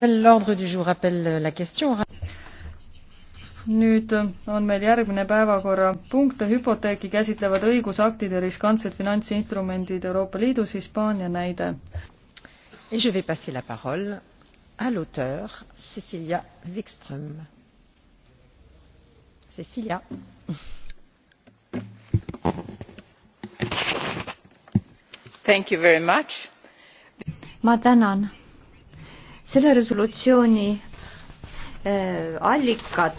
L'ordre du jour appelle euh, la question nüüd euh, on meil järgmine päevakorrapunkt, hüpoteeki käsitlevad õigusaktid ja riskantsed finantsinstrumendid Euroopa Liidus, Hispaania näide. Et je vais passer la parole à l'auteur Cecilia Wikström. Cecilia. Thank you very much. ma tänan selle resolutsiooni äh, allikad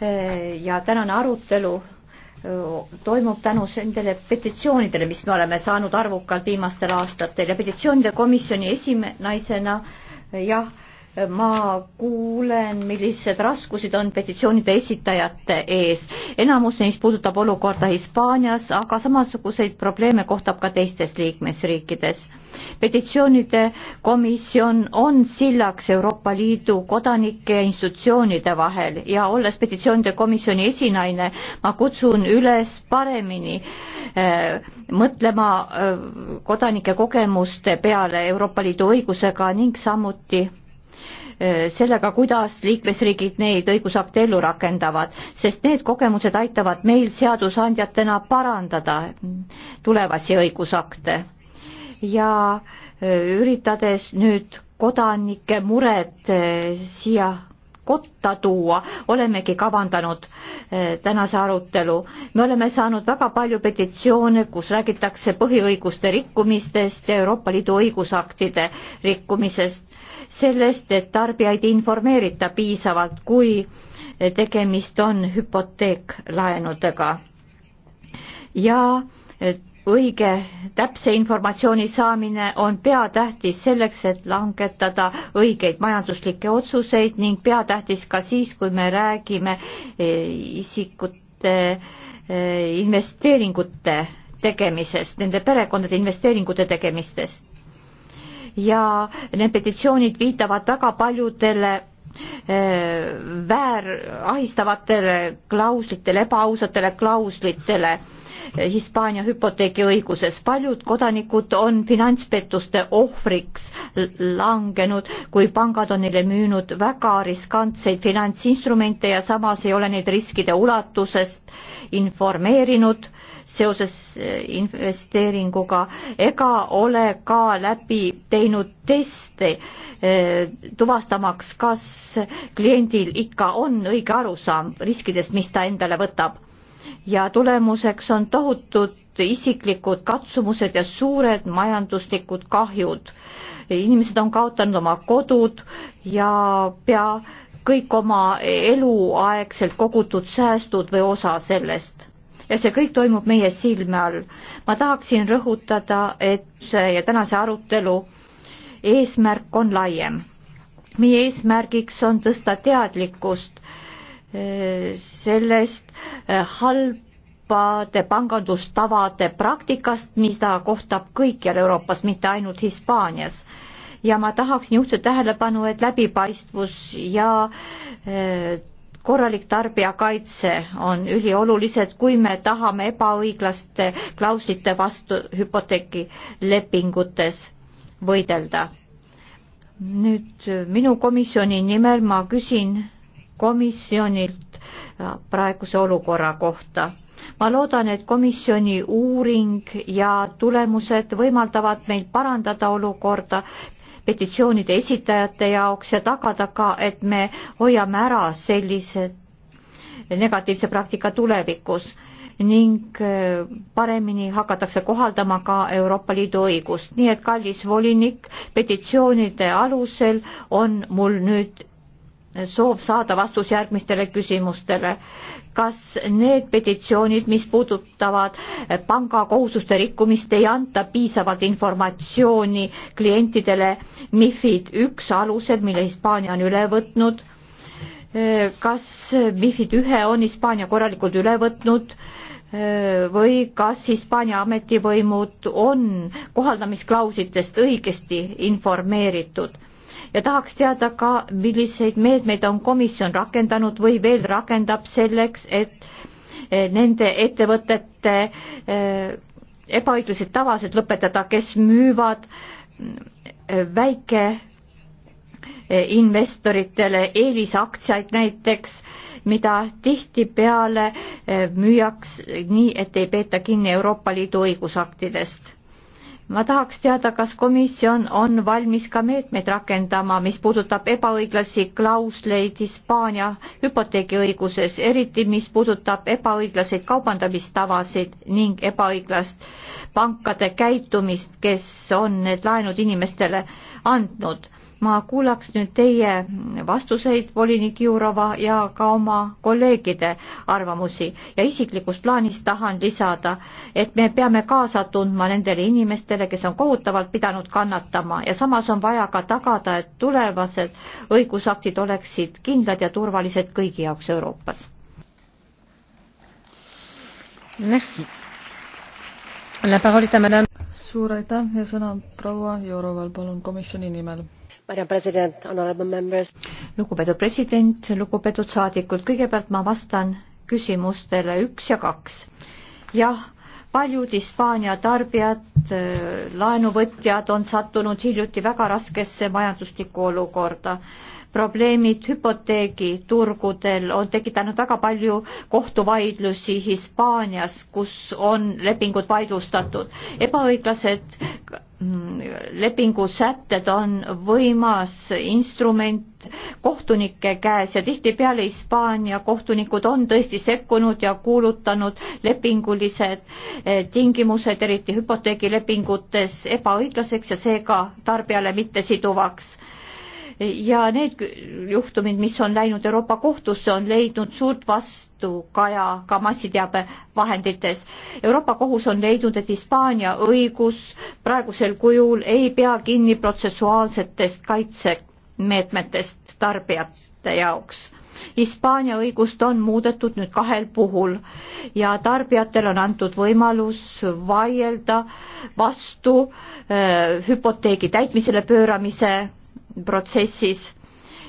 äh, ja tänane arutelu äh, toimub tänu nendele petitsioonidele, mis me oleme saanud arvukalt viimastel aastatel ja petitsioonide komisjoni esinaisena jah, ma kuulen, millised raskused on petitsioonide esitajate ees. enamus neist puudutab olukorda Hispaanias, aga samasuguseid probleeme kohtab ka teistes liikmesriikides. petitsioonide komisjon on sillaks Euroopa Liidu kodanike ja institutsioonide vahel ja olles petitsioonide komisjoni esinaine, ma kutsun üles paremini äh, mõtlema äh, kodanike kogemuste peale Euroopa Liidu õigusega ning samuti Äh, sellega, kuidas liikmesriigid neid õigusakte ellu rakendavad, sest need kogemused aitavad meil seadusandjatena parandada tulevasi õigusakte. ja äh, üritades nüüd kodanike mured äh, siia kotta tuua, olemegi kavandanud tänase arutelu. me oleme saanud väga palju petitsioone, kus räägitakse põhiõiguste rikkumistest ja Euroopa Liidu õigusaktide rikkumisest sellest, et tarbijaid ei informeerita piisavalt, kui tegemist on hüpoteeklaenudega. ja õige täpse informatsiooni saamine on peatähtis selleks, et langetada õigeid majanduslikke otsuseid ning peatähtis ka siis, kui me räägime eh, isikute eh, investeeringute tegemisest, nende perekondade investeeringute tegemistest ja need petitsioonid viitavad väga paljudele eh, väär, ahistavatele klauslitele, ebaausatele klauslitele eh, Hispaania hüpoteegiõiguses. paljud kodanikud on finantspettuste ohvriks langenud, kui pangad on neile müünud väga riskantseid finantsinstrumente ja samas ei ole neid riskide ulatusest informeerinud äh, seoses eh, investeeringuga ega ole ka läbi teinud teste eh, tuvastamaks, kas kliendil ikka on õige arusaam riskidest, mis ta endale võtab. ja tulemuseks on tohutud isiklikud katsumused ja suured majanduslikud kahjud. inimesed on kaotanud oma kodud ja pea kõik oma eluaegselt kogutud säästud või osa sellest ja see kõik toimub meie silme all. ma tahaksin rõhutada, et see ja tänase arutelu eesmärk on laiem. meie eesmärgiks on tõsta teadlikkust eh, sellest eh, halbade pangandustavade praktikast, mida kohtab kõikjal Euroopas, mitte ainult Hispaanias ja ma tahaksin juhtida tähelepanu, et läbipaistvus ja eh, korralik tarbijakaitse on üliolulised, kui me tahame ebaõiglaste klauslite vastu hüpoteegilepingutes võidelda. nüüd minu komisjoni nimel ma küsin komisjonilt äh, praeguse olukorra kohta. ma loodan, et komisjoni uuring ja tulemused võimaldavad meil parandada olukorda petitsioonide esitajate jaoks ja tagada ka, et me hoiame ära sellise negatiivse praktika tulevikus ning äh, paremini hakatakse kohaldama ka Euroopa Liidu õigust. nii et kallis volinik, petitsioonide alusel on mul nüüd soov saada vastus järgmistele küsimustele. kas need petitsioonid, mis puudutavad pangakohustuste rikkumist, ei anta piisavalt informatsiooni klientidele MIFID üks alusel, mille Hispaania on üle võtnud? kas MIFID ühe on Hispaania korralikult üle võtnud? või kas Hispaania ametivõimud on kohaldamisklauslitest õigesti informeeritud ja tahaks teada ka, milliseid meetmeid on komisjon rakendanud või veel rakendab selleks, et eh, nende ettevõtete eh, ebaõiglased tavased lõpetada, kes müüvad eh, väikeinvestoritele eelisaktsiaid näiteks, mida tihtipeale müüaks nii, et ei peeta kinni Euroopa Liidu õigusaktidest ma tahaks teada, kas komisjon on valmis ka meetmeid rakendama, mis puudutab ebaõiglasi klausleid Hispaania hüpoteegiõiguses, eriti mis puudutab ebaõiglaseid kaubandamistavasid ning ebaõiglast pankade käitumist, kes on need laenud inimestele andnud ma kuulaks nüüd teie vastuseid, volinik Jurova, ja ka oma kolleegide arvamusi ja isiklikus plaanis tahan lisada, et me peame kaasa tundma nendele inimestele, kes on kohutavalt pidanud kannatama ja samas on vaja ka tagada, et tulevased õigusaktid oleksid kindlad ja turvalised kõigi jaoks Euroopas. suur aitäh ja sõna proua Juroval, palun komisjoni nimel lugupeetud president, lugupeetud saadikud, kõigepealt ma vastan küsimustele üks ja kaks. jah, paljud Hispaania tarbijad, laenuvõtjad on sattunud hiljuti väga raskesse majanduslikku olukorda probleemid hüpoteegiturgudel on tekitanud väga palju kohtuvaidlusi Hispaanias, kus on lepingud vaidlustatud. ebaõiglased mm, lepingusätted on võimas instrument kohtunike käes ja tihtipeale Hispaania kohtunikud on tõesti sekkunud ja kuulutanud lepingulised eh, tingimused, eriti hüpoteegilepingutes, ebaõiglaseks ja seega tarbijale mittesiduvaks ja need juhtumid, mis on läinud Euroopa kohtusse, on leidnud suurt vastukaja ka massiteabevahendites. Euroopa kohus on leidnud, et Hispaania õigus praegusel kujul ei pea kinni protsessuaalsetest kaitsemeetmetest tarbijate jaoks Hispaania õigust on muudetud nüüd kahel puhul ja tarbijatel on antud võimalus vaielda vastu äh, hüpoteegi täitmisele pööramise protsessis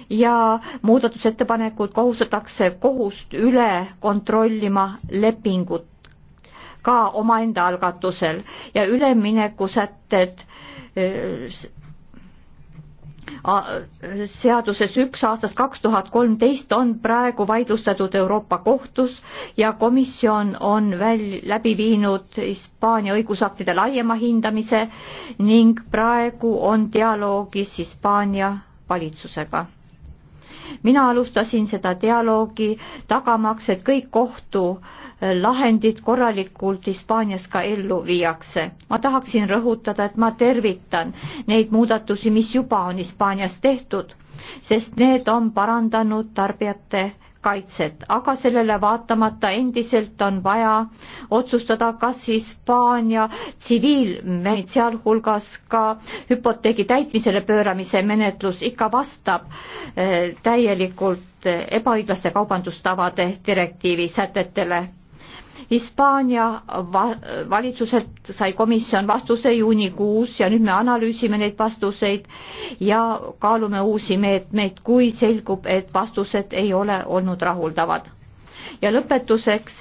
ja muudatusettepanekud kohustatakse kohust üle kontrollima lepingut ka omaenda algatusel ja üleminekusätted seaduses üks aastast kaks tuhat kolmteist on praegu vaidlustatud Euroopa Kohtus ja komisjon on väl-, läbi viinud Hispaania õigusaktide laiema hindamise ning praegu on dialoogis Hispaania valitsusega. mina alustasin seda dialoogi tagamaks, et kõik kohtu äh, lahendid korralikult Hispaanias ka ellu viiakse. ma tahaksin rõhutada, et ma tervitan neid muudatusi, mis juba on Hispaanias tehtud, sest need on parandanud tarbijate kaitset, aga sellele vaatamata endiselt on vaja otsustada, kas Hispaania tsiviilmehed, sealhulgas ka hüpoteegi täitmisele pööramise menetlus ikka vastab eh, täielikult eh, ebaõiglaste kaubandustavade direktiivi sätetele Hispaania va-, valitsuselt sai komisjon vastuse juunikuus ja nüüd me analüüsime neid vastuseid ja kaalume uusi meetmeid, kui selgub, et vastused ei ole olnud rahuldavad. ja lõpetuseks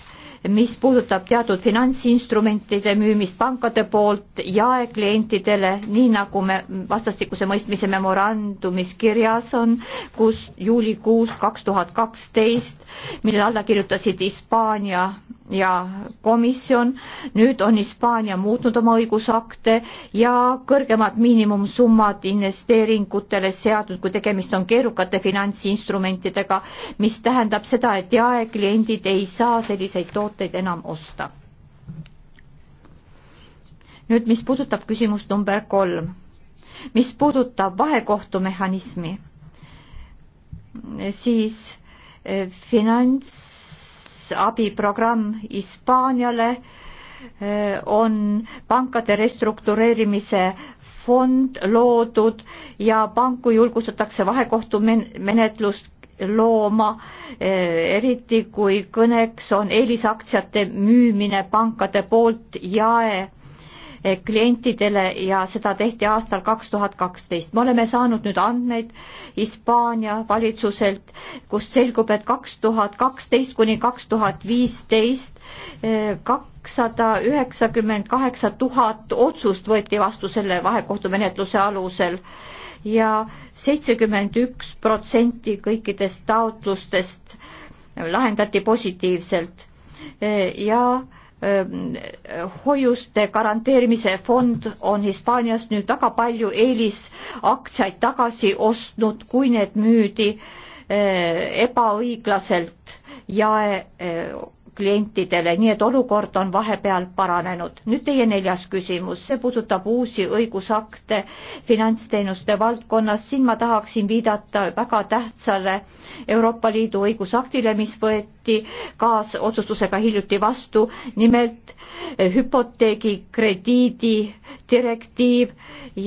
mis puudutab teatud finantsinstrumentide müümist pankade poolt jaeklientidele, nii nagu me vastastikuse mõistmise memorandumis kirjas on, kus juulikuus kaks tuhat kaksteist, millele alla kirjutasid Hispaania ja komisjon, nüüd on Hispaania muutnud oma õigusakte ja kõrgemad miinimumsummad investeeringutele seadnud, kui tegemist on keerukate finantsinstrumentidega, mis tähendab seda, et jaekliendid ei saa selliseid tooteid tooteid enam osta. nüüd, mis puudutab küsimust number kolm, mis puudutab vahekohtumehhanismi, siis eh, finantsabiprogramm Hispaaniale eh, on pankade restruktureerimise fond loodud ja panku julgustatakse vahekohtumenetlust looma, eh, eriti kui kõneks on eelisaktsiate müümine pankade poolt jae eh, klientidele ja seda tehti aastal kaks tuhat kaksteist. me oleme saanud nüüd andmeid Hispaania valitsuselt, kust selgub, et kaks tuhat kaksteist kuni kaks tuhat viisteist eh, kakssada üheksakümmend kaheksa tuhat otsust võeti vastu selle vahekohtumenetluse alusel ja seitsekümmend üks protsenti kõikidest taotlustest lahendati positiivselt ja ähm, hoiuste garanteerimise fond on Hispaanias nüüd väga palju eelisaktsiaid tagasi ostnud, kui need müüdi äh, ebaõiglaselt jae äh, klientidele, nii et olukord on vahepeal paranenud. nüüd teie neljas küsimus, see puudutab uusi õigusakte finantsteenuste valdkonnas, siin ma tahaksin viidata väga tähtsale Euroopa Liidu õigusaktile, mis võeti kaasotsustusega hiljuti vastu, nimelt eh, hüpoteegikrediidi direktiiv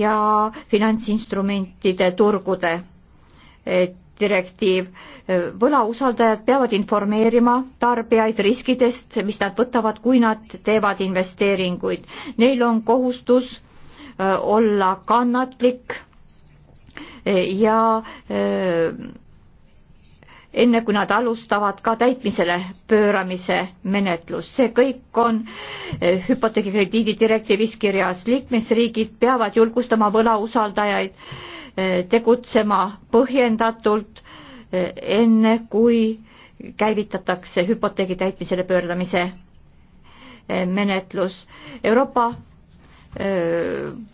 ja finantsinstrumentide turgude direktiiv. võlausaldajad peavad informeerima tarbijaid riskidest, mis nad võtavad, kui nad teevad investeeringuid. Neil on kohustus olla kannatlik ja enne kui nad alustavad ka täitmisele pööramise menetlus. see kõik on hüpoteegikrediidi direktiivis kirjas. liikmesriigid peavad julgustama võlausaldajaid Eh, tegutsema põhjendatult, eh, enne kui käivitatakse hüpoteegi täitmisele pöördamise eh, menetlus. Euroopa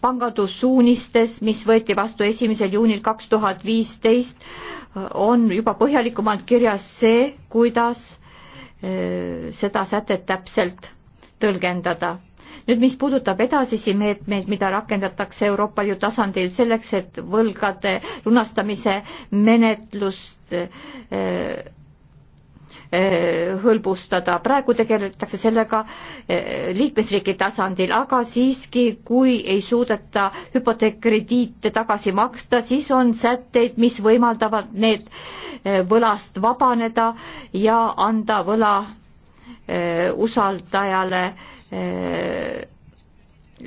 pangandussuunistes, mis võeti vastu esimesel juunil kaks tuhat viisteist, on juba põhjalikumalt kirjas see, kuidas seda sätet täpselt tõlgendada nüüd, mis puudutab edasisi meetmeid, mida rakendatakse Euroopa Liidu tasandil selleks, et võlgade lunastamise menetlust äh, äh, hõlbustada, praegu tegeletakse sellega äh, liikmesriigi tasandil, aga siiski, kui ei suudeta hüpoteekkrediite tagasi maksta, siis on sätteid, mis võimaldavad need võlast vabaneda ja anda võla usaldajale äh, Äh,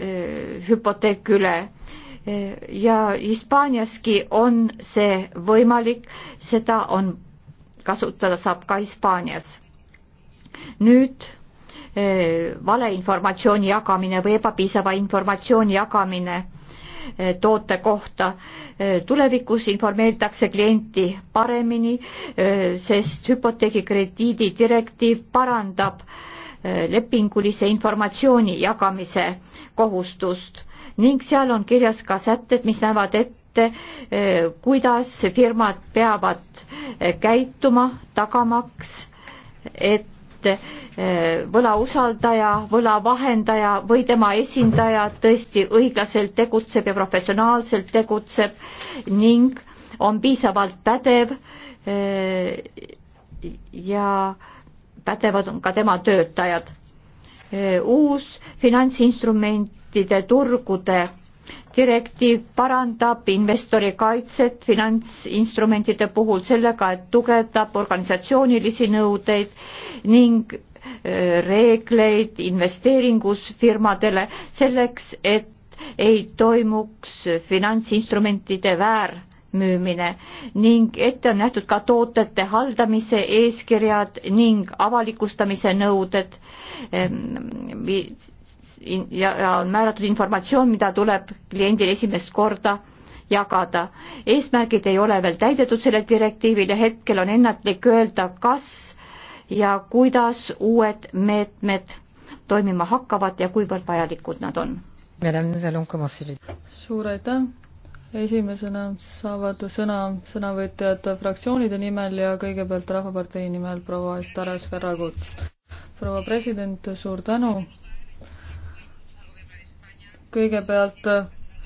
äh, hüpoteek üle äh, ja Hispaaniaski on see võimalik, seda on, kasutada saab ka Hispaanias. nüüd valeinformatsiooni jagamine või ebapiisava informatsiooni jagamine toote kohta. tulevikus informeeritakse klienti paremini, sest hüpoteegikrediidi direktiiv parandab äh, lepingulise informatsiooni jagamise kohustust ning seal on kirjas ka sätted, mis näevad ette, eh, kuidas firmad peavad eh, käituma, tagamaks, et eh, võlausaldaja, võlavahendaja või tema esindaja tõesti õiglaselt tegutseb ja professionaalselt tegutseb ning on piisavalt pädev ja äh, ja pädevad on ka tema töötajad. uus finantsinstrumentide turgude direktiiv parandab investori kaitset finantsinstrumentide puhul sellega, et tugevdab organisatsioonilisi nõudeid ning reegleid investeeringus firmadele selleks, et ei toimuks finantsinstrumentide väär müümine ning ette on nähtud ka tootete haldamise eeskirjad ning avalikustamise nõuded ehm, ja on määratud informatsioon, mida tuleb kliendil esimest korda jagada. eesmärgid ei ole veel täidetud sellel direktiivil ja hetkel on ennatlik öelda, kas ja kuidas uued meetmed toimima hakkavad ja kuivõrd vajalikud nad on. suur aitäh esimesena saavad sõna sõnavõtjad fraktsioonide nimel ja kõigepealt Rahvapartei nimel proua Estaras Ferragut. proua president, suur tänu. kõigepealt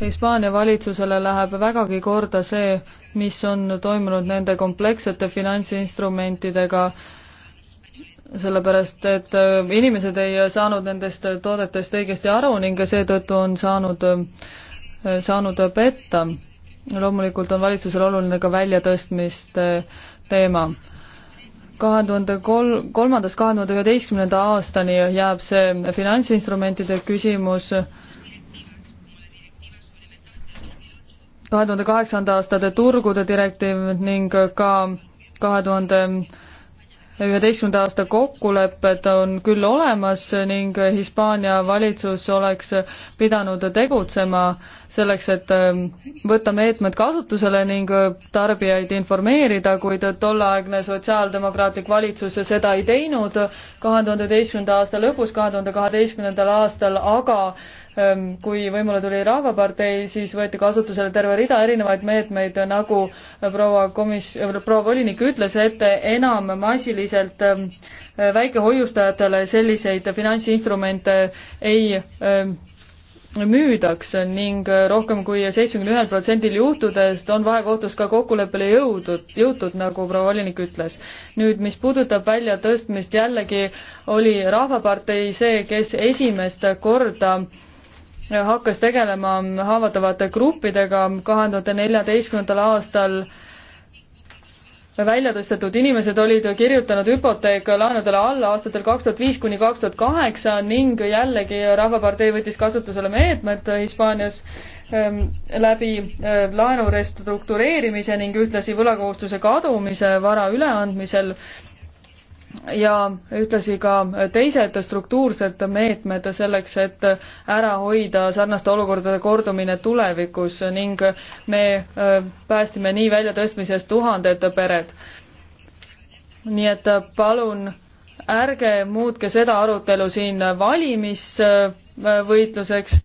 Hispaania valitsusele läheb vägagi korda see, mis on toimunud nende komplekssete finantsinstrumentidega, sellepärast et inimesed ei saanud nendest toodetest õigesti aru ning seetõttu on saanud äh, saanud petta. loomulikult on valitsusel oluline ka väljatõstmiste äh, teema. kahe tuhande kolm, kolmandast kahe tuhande üheteistkümnenda aastani jääb see finantsinstrumentide küsimus kahe tuhande kaheksanda aastate turgude direktiiv ning ka kahe tuhande üheteistkümnenda aasta kokkulepped on küll olemas ning Hispaania valitsus oleks pidanud tegutsema selleks, et ähm, võtta meetmed kasutusele ning äh, tarbijaid informeerida, kuid tolleaegne sotsiaaldemokraatlik valitsus seda ei teinud kahe tuhande üheteistkümnenda aasta lõpus, kahe tuhande kaheteistkümnendal aastal aga kui võimule tuli Rahvapartei, siis võeti kasutusele terve rida erinevaid meetmeid, nagu proua komis-, äh, proua volinik ütles, et enam massiliselt väikehoiustajatele selliseid finantsinstrumente ei müüdaks ning rohkem kui seitsmekümne ühel protsendil juhtudest on vahekohtus ka kokkuleppele jõudnud, jõutud, nagu proua volinik ütles. nüüd, mis puudutab väljatõstmist, jällegi oli Rahvapartei see, kes esimest korda äh, hakkas tegelema haavatavate gruppidega kahe tuhande neljateistkümnendal aastal välja tõstetud inimesed olid kirjutanud hüpoteeklaenudele alla aastatel kaks tuhat viis kuni kaks tuhat kaheksa ning jällegi Rahvapartei võttis kasutusele meetmed Hispaanias ähm, läbi äh, laenu restruktureerimise ning ühtlasi võlakohustuse kadumise vara üleandmisel ja ühtlasi ka teised struktuursed meetmed selleks, et ära hoida sarnaste olukordade kordumine tulevikus ning me äh, päästime nii väljatõstmisest tuhanded pered. nii et palun ärge muutke seda arutelu siin valimisvõitluseks.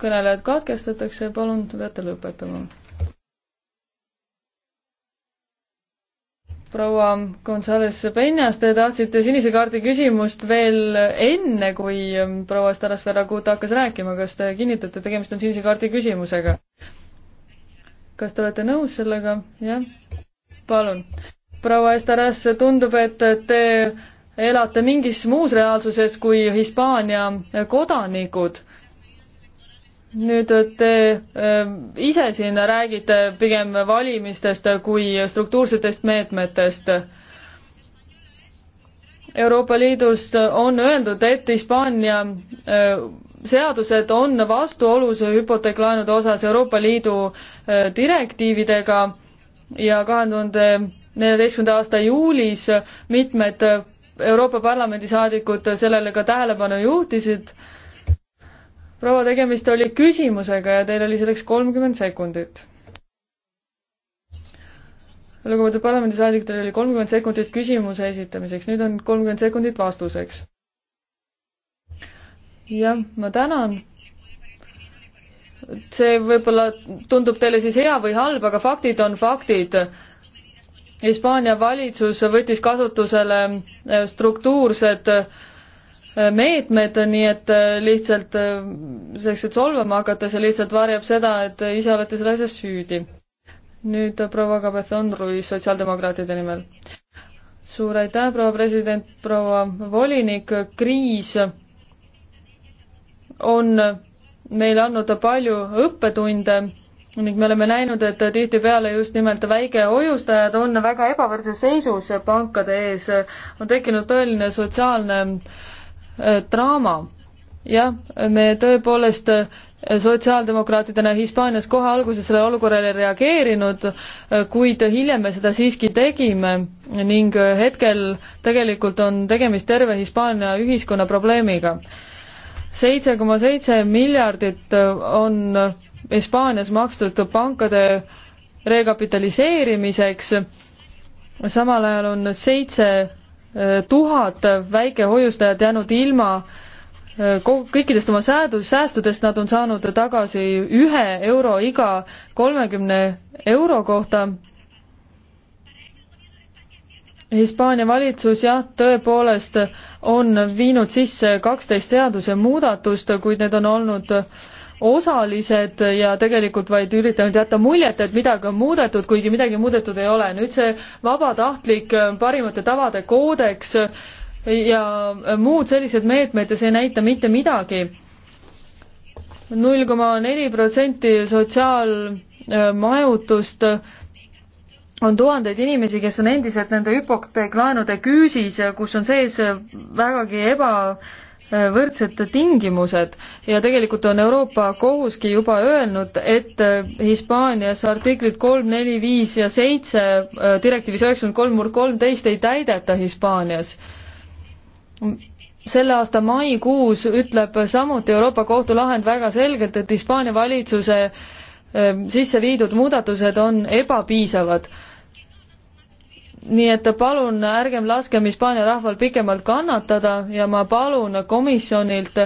kõnelejad katkestatakse, palun, te peate lõpetama proua Gonzalez Penjas, te tahtsite sinise kaardi küsimust veel enne, kui ähm, proua Staras Ferragut hakkas rääkima, kas te kinnitate, tegemist on sinise kaardi küsimusega? kas te olete nõus sellega? jah? palun. proua Estaras, tundub, et te elate mingis muus reaalsuses kui Hispaania kodanikud nüüd te ähm, ise siin räägite pigem valimistest kui struktuursetest meetmetest. Euroopa Liidus on öeldud, et Hispaania äh, seadused on vastuolus hüpoteeklaenude osas Euroopa Liidu äh, direktiividega ja kahe tuhande neljateistkümnenda aasta juulis mitmed Euroopa Parlamendi saadikud sellele ka tähelepanu juhtisid proua, tegemist oli küsimusega ja teil oli selleks kolmkümmend sekundit. lugupeetud parlamendisaadik, teil oli kolmkümmend sekundit küsimuse esitamiseks, nüüd on kolmkümmend sekundit vastuseks. jah, ma tänan. see võib-olla tundub teile siis hea või halb, aga faktid on faktid Hispaania valitsus võttis kasutusele eh, struktuursed meetmed, nii et äh, lihtsalt äh, selleks, et solvama hakata, see lihtsalt varjab seda, et ise olete selles asjas süüdi. nüüd äh, proua Kabethon Ruiz sotsiaaldemokraatide nimel. suur aitäh, proua president, proua volinik, kriis on meile andnud palju õppetunde ning me oleme näinud, et tihtipeale just nimelt väikehoiustajad on väga ebavõrdses seisus pankade ees. on tekkinud tõeline sotsiaalne äh, Äh, draama. jah, me tõepoolest äh, sotsiaaldemokraatidena Hispaanias kohe alguses sellele olukorrale reageerinud, äh, kuid hiljem me seda siiski tegime ning hetkel tegelikult on tegemist terve Hispaania ühiskonna probleemiga. seitse koma seitse miljardit on Hispaanias makstud pankade rekapitaliseerimiseks, samal ajal on seitse Äh, tuhat väikehoiustajat jäänud ilma äh, kõikidest oma säädu, säästudest nad on saanud tagasi ühe euro iga kolmekümne euro kohta. Hispaania valitsus jah, tõepoolest on viinud sisse kaksteist seadusemuudatust, kuid need on olnud äh, osalised ja tegelikult vaid üritanud jätta muljet, et midagi on muudetud, kuigi midagi muudetud ei ole. nüüd see vabatahtlik äh, parimate tavade koodeks äh, ja äh, muud sellised meetmed ja see ei näita mitte midagi. null koma neli protsenti sotsiaalmajutust on tuhandeid inimesi, kes on endiselt nende hüpoteeklaenude küüsis, kus on sees vägagi eba võrdsed tingimused ja tegelikult on Euroopa Kohuski juba öelnud, et Hispaanias artiklid kolm, neli, viis ja seitse äh, direktiivis üheksakümmend kolm murd kolmteist ei täideta Hispaanias. selle aasta maikuus ütleb samuti Euroopa Kohtu lahend väga selgelt, et Hispaania valitsuse äh, sisse viidud muudatused on ebapiisavad nii et palun ärgem laskem Hispaania rahval pikemalt kannatada ja ma palun komisjonilt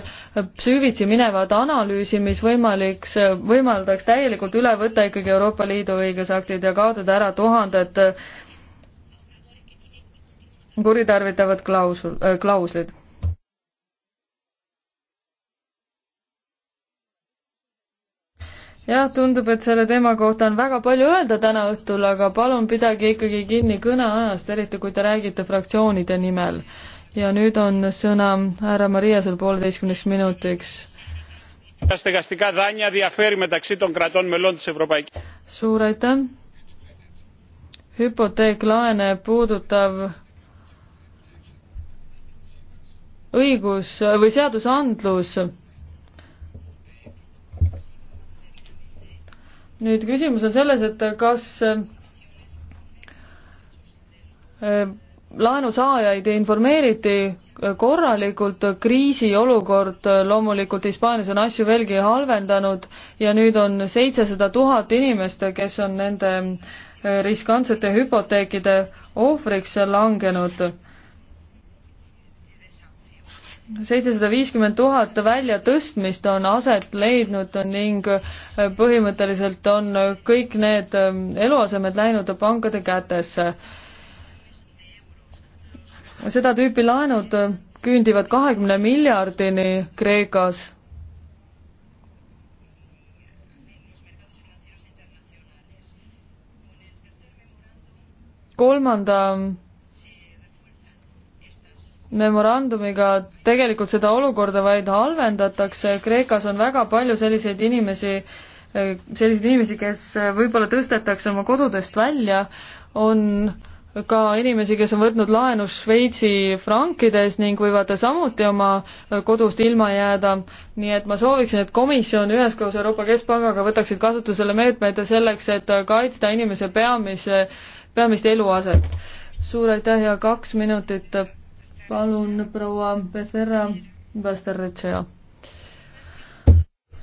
süvitsi minevat analüüsi, mis võimaliks, võimaldaks täielikult üle võtta ikkagi Euroopa Liidu õigusaktid ja kaotada ära tuhanded kuritarvitavad klausul äh,, klauslid jah, tundub, et selle teema kohta on väga palju öelda täna õhtul, aga palun pidage ikkagi kinni kõneajast, eriti kui te räägite fraktsioonide nimel. ja nüüd on sõna härra Mariasel pooleteistkümneks minutiks. suur aitäh. hüpoteeklaene puudutav õigus või seadusandlus nüüd küsimus on selles, et kas äh, laenusaajaid informeeriti korralikult, kriisiolukord loomulikult Hispaanias on asju veelgi halvendanud ja nüüd on seitsesada tuhat inimest, kes on nende äh, riskantsete hüpoteekide ohvriks langenud seitsesada viiskümmend tuhat väljatõstmist on aset leidnud ning äh, põhimõtteliselt on kõik need ähm, eluasemed läinud pankade kätesse. seda tüüpi laenud äh, küündivad kahekümne miljardini Kreekas kolmanda memorandumiga tegelikult seda olukorda vaid halvendatakse, Kreekas on väga palju selliseid inimesi, eh, selliseid inimesi, kes eh, võib-olla tõstetakse oma kodudest välja, on ka inimesi, kes on võtnud laenu Šveitsi frankides ning võivad samuti oma eh, kodust ilma jääda. nii et ma sooviksin, et komisjon üheskoos Euroopa Keskpangaga võtaksid kasutusele meetmed selleks, et kaitsta inimese peamise, peamist eluaset. suur aitäh ja kaks minutit palun proua Becerra Basterretšea.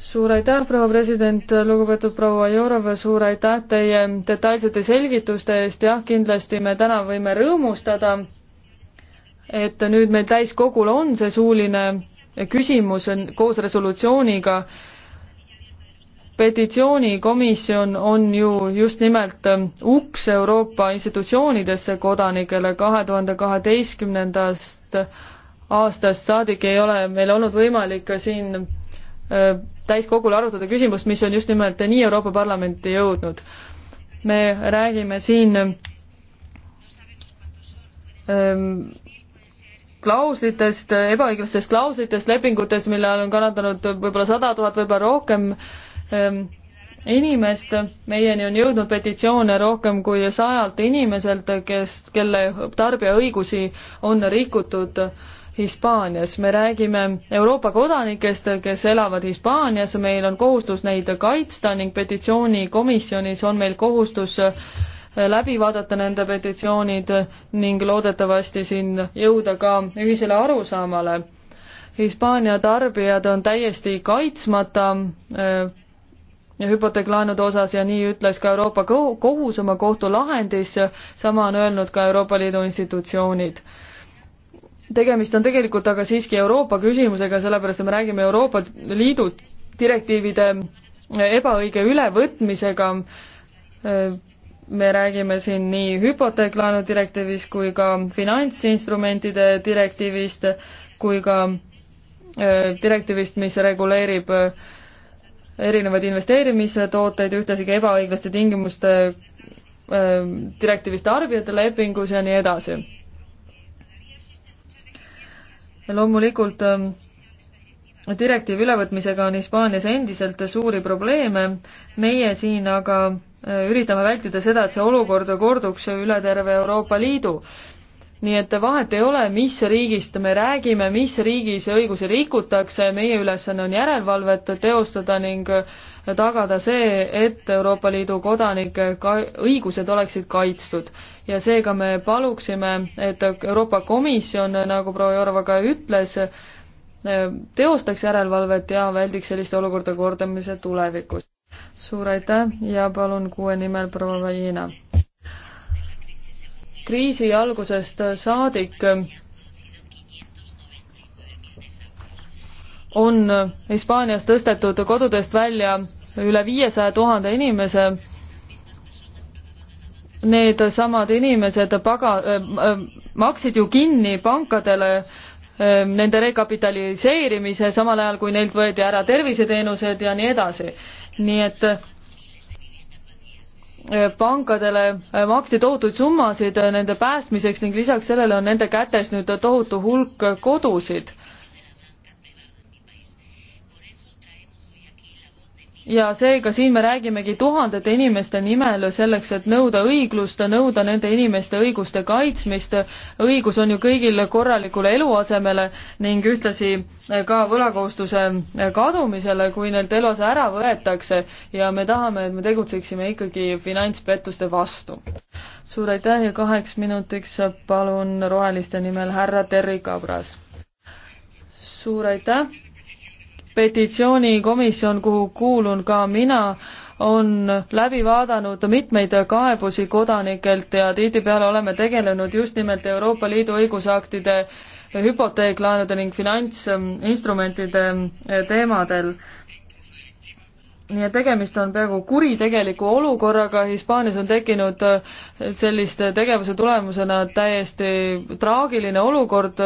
suur aitäh, proua president, lugupeetud proua Jourova, suur aitäh teie detailsete selgituste eest, jah, kindlasti me täna võime rõõmustada, et nüüd meil täiskogul on see suuline küsimus koos resolutsiooniga petitsioonikomisjon on ju just nimelt ähm, uks Euroopa institutsioonidesse kodanikele, kahe tuhande kaheteistkümnendast aastast saadik ei ole meil olnud võimalik siin äh, täiskogul arutada küsimust, mis on just nimelt nii Euroopa Parlamenti jõudnud. me räägime siin ähm, klauslitest, ebaõiglastest klauslitest lepingutes, mille all on kannatanud võib-olla sada tuhat, võib-olla rohkem äh, Ehm, inimest, meieni on jõudnud petitsioone rohkem kui sajalt inimeselt, kes, kelle tarbija õigusi on rikutud Hispaanias. me räägime Euroopa kodanikest, kes elavad Hispaanias, meil on kohustus neid kaitsta ning petitsioonikomisjonis on meil kohustus eh, läbi vaadata nende petitsioonid ning loodetavasti siin jõuda ka ühisele arusaamale. Hispaania tarbijad on täiesti kaitsmata eh, hüpoteeklaenude osas ja nii ütles ka Euroopa Kohus oma kohtulahendis, sama on öelnud ka Euroopa Liidu institutsioonid tegemist on tegelikult aga siiski Euroopa küsimusega, sellepärast et me räägime Euroopa Liidu direktiivide ebaõige ülevõtmisega. me räägime siin nii hüpoteeklaenu direktiivist kui ka finantsinstrumentide direktiivist kui ka äh, direktiivist, mis reguleerib äh, erinevaid investeerimistooteid, ühtlasi ka ebaõiglaste tingimuste äh, direktiivis tarbijate lepingus ja nii edasi. loomulikult äh, direktiivi ülevõtmisega on Hispaanias endiselt suuri probleeme, meie siin aga äh, üritame vältida seda, et see olukord korduks üle terve Euroopa Liidu nii et vahet ei ole, mis riigist me räägime, mis riigis õigusi rikutakse, meie ülesanne on järelevalvet teostada ning tagada see, et Euroopa Liidu kodanike ka-, õigused oleksid kaitstud. ja seega me paluksime, et Euroopa Komisjon, nagu proua Jorva ka ütles, teostaks järelevalvet ja väldiks selliste olukordade kordamise tulevikus. suur aitäh ja palun kuue nimel proua Vajina kriisi algusest saadik on Hispaanias tõstetud kodudest välja üle viiesaja tuhande inimese. Need samad inimesed paga- äh,, maksid ju kinni pankadele äh, nende rekapitaliseerimise, samal ajal kui neilt võeti ära terviseteenused ja nii edasi. nii et äh, Äh, pankadele äh, maksti tohutuid summasid äh, nende päästmiseks ning lisaks sellele on nende kätes nüüd tohutu hulk kodusid. ja seega siin me räägimegi tuhandete inimeste nimel selleks, et nõuda õiglust, nõuda nende inimeste õiguste kaitsmist. õigus on ju kõigil korralikule eluasemele ning ühtlasi ka võlakohustuse kadumisele, kui neilt eluase ära võetakse ja me tahame, et me tegutseksime ikkagi finantspettuste vastu. suur aitäh ja kaheks minutiks palun roheliste nimel härra Terri Kabras. suur aitäh petitsioonikomisjon, kuhu kuulun ka mina, on läbi vaadanud mitmeid kaebusi kodanikelt ja tihtipeale oleme tegelenud just nimelt Euroopa Liidu õigusaktide hüpoteeklaenude ning finantsinstrumentide teemadel. nii et tegemist on peaaegu kuritegeliku olukorraga, Hispaanias on tekkinud selliste tegevuse tulemusena täiesti traagiline olukord,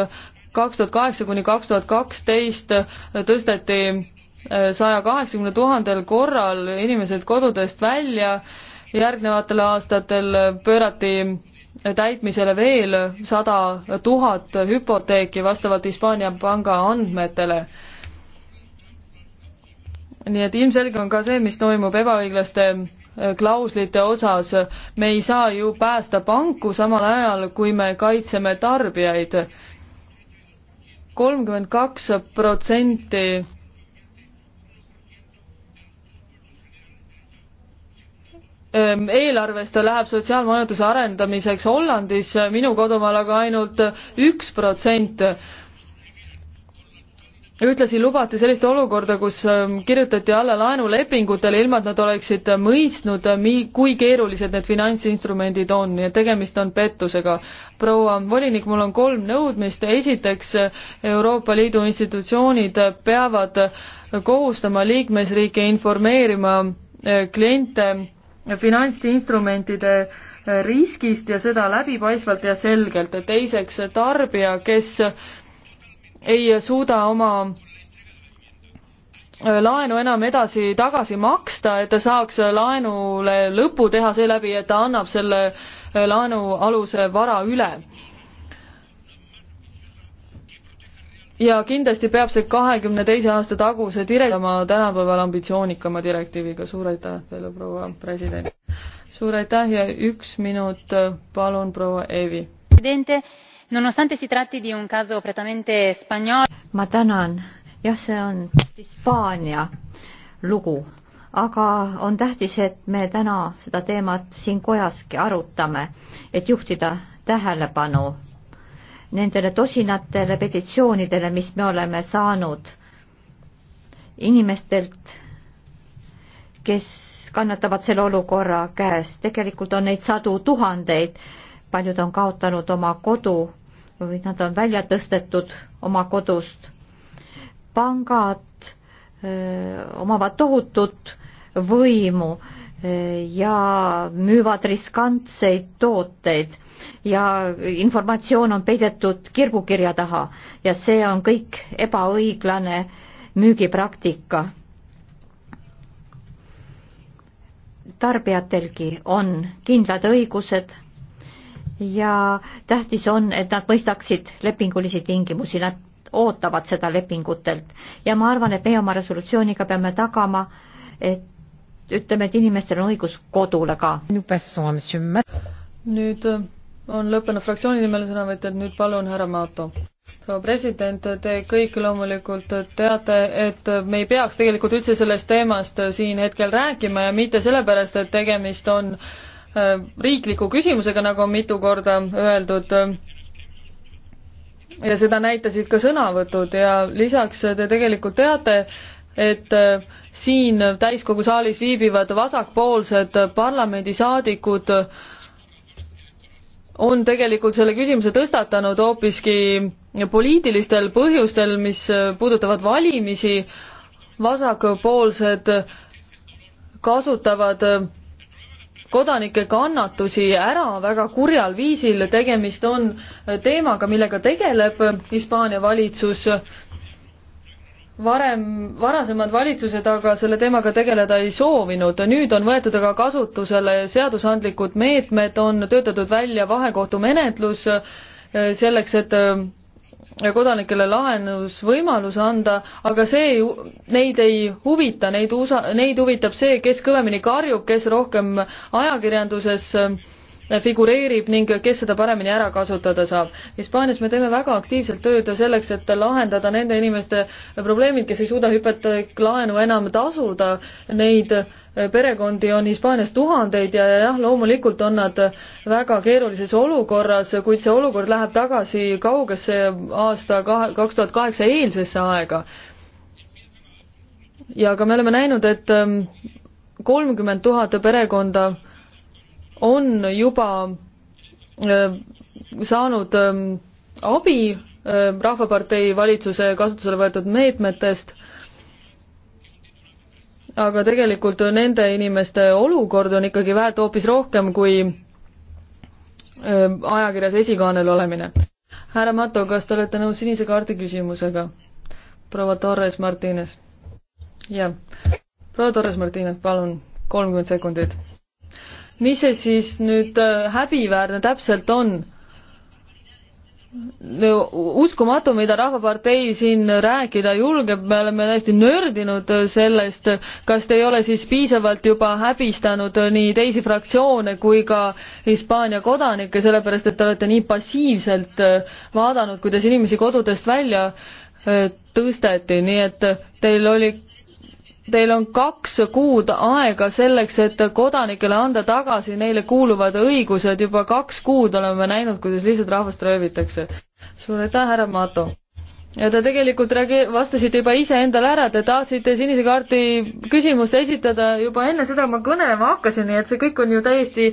kaks tuhat kaheksa kuni kaks tuhat kaksteist äh, tõsteti äh, saja kaheksakümne tuhandel korral inimesed kodudest välja, järgnevatel aastatel pöörati täitmisele veel sada tuhat hüpoteeki vastavalt Hispaania panga andmetele. nii et ilmselge on ka see, mis toimub ebaõiglaste äh, klauslite osas. me ei saa ju päästa panku samal ajal, kui me kaitseme tarbijaid kolmkümmend kaks protsenti ehm, eelarvest läheb sotsiaalmajanduse arendamiseks Hollandis, minu kodumaal aga ainult üks protsent ühtlasi lubati sellist olukorda, kus ähm, kirjutati alla laenulepingutele, ilma et nad oleksid mõistnud, äh, kui keerulised need finantsinstrumendid on, nii et tegemist on pettusega. proua volinik, mul on kolm nõudmist, esiteks äh, Euroopa Liidu institutsioonid peavad kohustama liikmesriike informeerima äh, kliente finantsinstrumentide riskist ja seda läbipaistvalt ja selgelt, teiseks tarbija, kes ei suuda oma äh, laenu enam edasi tagasi maksta, et ta saaks laenule lõpu teha seeläbi, et ta annab selle äh, laenualuse vara üle. ja kindlasti peab see kahekümne teise aasta taguse direktiiv tänapäeval ambitsioonikama direktiiviga, suur aitäh teile, proua president! suur aitäh ja üks minut palun, proua Eevi! nonostante si tratti di un caso prettamente spagnolo. ma tänan, jah, see on Hispaania lugu, aga on tähtis, et me täna seda teemat siin kojaski arutame, et juhtida tähelepanu nendele tosinatele petitsioonidele, mis me oleme saanud inimestelt, kes kannatavad selle olukorra käes, tegelikult on neid sadu tuhandeid, paljud on kaotanud oma kodu või nad on välja tõstetud oma kodust. pangad öö, omavad tohutut võimu öö, ja müüvad riskantseid tooteid ja informatsioon on peidetud kirgukirja taha ja see on kõik ebaõiglane müügipraktika. tarbijatelgi on kindlad õigused ja tähtis on, et nad mõistaksid lepingulisi tingimusi, nad ootavad seda lepingutelt ja ma arvan, et meie oma resolutsiooniga peame tagama, et ütleme, et inimestel on õigus kodule ka. nüüd äh, on lõppenud fraktsiooni nimel sõnavõtjad, nüüd palun härra Maato. proua president, te kõik loomulikult teate, et me ei peaks tegelikult üldse sellest teemast äh, siin hetkel rääkima ja mitte sellepärast, et tegemist on äh, riikliku küsimusega, nagu on mitu korda öeldud. ja seda näitasid ka sõnavõtud ja lisaks te tegelikult teate, et siin täiskogu saalis viibivad vasakpoolsed parlamendisaadikud on tegelikult selle küsimuse tõstatanud hoopiski poliitilistel põhjustel, mis puudutavad valimisi, vasakpoolsed kasutavad kodanike kannatusi ära väga kurjal viisil, tegemist on teemaga, millega tegeleb Hispaania valitsus. varem, varasemad valitsused aga selle teemaga tegeleda ei soovinud, nüüd on võetud aga kasutusele seadusandlikud meetmed, on töötatud välja vahekohtumenetlus selleks, et kodanikele laenusvõimaluse anda, aga see, neid ei huvita, neid usa-, neid huvitab see, kes kõvemini karjub, kes rohkem ajakirjanduses äh, figureerib ning kes seda paremini ära kasutada saab. Hispaanias me teeme väga aktiivselt tööd selleks, et lahendada nende inimeste probleemid, kes ei suuda hüpet laenu enam tasuda, neid äh, perekondi on Hispaanias tuhandeid ja jah, loomulikult on nad väga keerulises olukorras, kuid see olukord läheb tagasi kaugesse aasta kaks tuhat kaheksa eelsesse aega. ja ka me oleme näinud, et ähm, kolmkümmend tuhat perekonda on juba äh, saanud ähm, abi äh, Rahvapartei valitsuse kasutusele võetud meetmetest aga tegelikult nende inimeste olukord on ikkagi väärt hoopis rohkem kui ajakirjas esikaanel olemine. härra Mato, kas te olete nõus sinise kaardi küsimusega? proua Torres Martines. jah. proua Torres Martines, palun, kolmkümmend sekundit. mis see siis nüüd äh, häbiväärne täpselt on? uskumatu, mida Rahvapartei siin rääkida julgeb, me oleme täiesti nördinud sellest, kas te ei ole siis piisavalt juba häbistanud nii teisi fraktsioone kui ka Hispaania kodanikke, sellepärast et te olete nii passiivselt vaadanud, kuidas inimesi kodudest välja äh, tõsteti, nii et teil oli Teil on kaks kuud aega selleks, et kodanikele anda tagasi neile kuuluvad õigused, juba kaks kuud oleme näinud, kuidas lihtsalt rahvast röövitakse. suur aitäh, härra Mato! ja te tegelikult räägi-, vastasite juba iseendale ära, te tahtsite sinise kaardi küsimust esitada juba enne seda, kui ma kõnelema hakkasin, nii et see kõik on ju täiesti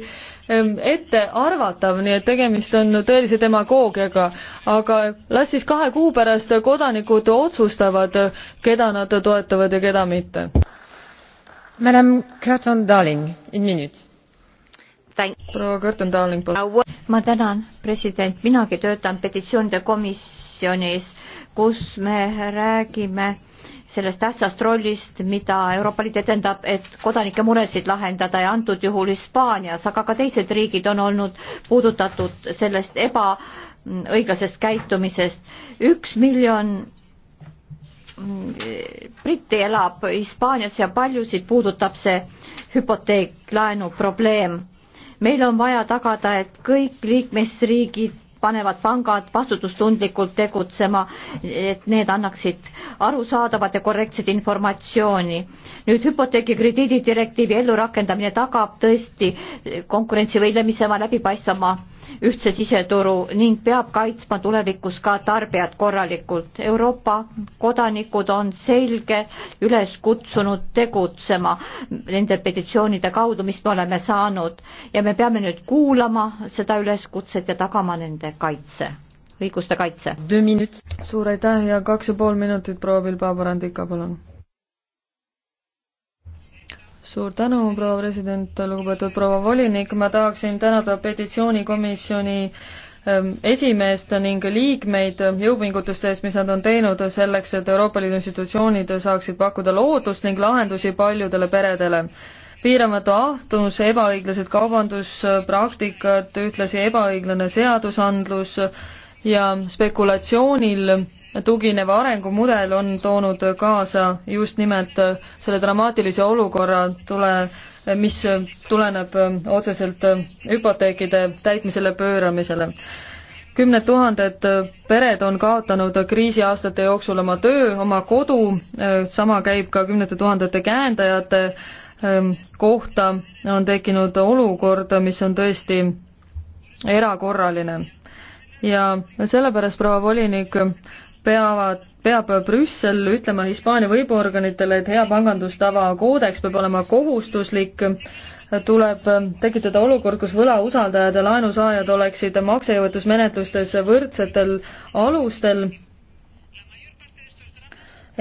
ehm, ettearvatav, nii et tegemist on tõelise demagoogiaga. aga las siis kahe kuu pärast kodanikud otsustavad, keda nad toetavad ja keda mitte. Madam Curtin-Darling, üks minut proua Kõrton-Taaling, palun. ma tänan, president, minagi töötan petitsioonide komisjonis kus me räägime sellest tähtsast rollist, mida Euroopa Liit edendab, et kodanike muresid lahendada ja antud juhul Hispaanias, aga ka teised riigid on olnud puudutatud sellest ebaõiglasest käitumisest. üks miljon mm, britti elab Hispaanias ja paljusid puudutab see hüpoteeklaenu probleem. meil on vaja tagada, et kõik liikmesriigid panevad pangad vastutustundlikult tegutsema, et need annaksid arusaadavat ja korrektset informatsiooni. nüüd hüpoteegikrediididirektiivi ellurakendamine tagab tõesti konkurentsivõimelisema, läbipaistvama ühtse siseturu ning peab kaitsma tulevikus ka tarbijad korralikult. Euroopa kodanikud on selge üles kutsunud tegutsema nende petitsioonide kaudu, mis me oleme saanud ja me peame nüüd kuulama seda üleskutset ja tagama nende kaitse, õiguste kaitse. suur aitäh ja kaks ja pool minutit proua Bilbao Barandika, palun suur tänu, proua president, lugupeetud proua volinik, ma tahaksin tänada petitsioonikomisjoni ähm, esimeest ning liikmeid jõupingutuste eest, mis nad on teinud selleks, et Euroopa Liidu institutsioonid saaksid pakkuda lootust ning lahendusi paljudele peredele. piiramatu ahtus, ebaõiglased kaubanduspraktikad, ühtlasi ebaõiglane seadusandlus ja spekulatsioonil tuginev arengumudel on toonud kaasa just nimelt selle dramaatilise olukorra tule, mis tuleneb otseselt hüpoteekide täitmisele pööramisele. kümned tuhanded pered on kaotanud kriisiaastate jooksul oma töö, oma kodu, sama käib ka kümnete tuhandete käendajate ehm, kohta, on tekkinud olukord, mis on tõesti erakorraline ja sellepärast, proua volinik, peavad, peab Brüssel ütlema Hispaania võimuorganitele, et hea pangandustava koodeks peab olema kohustuslik, tuleb tekitada olukord, kus võlausaldajad ja laenusaajad oleksid maksejõuetusmenetlustes võrdsetel alustel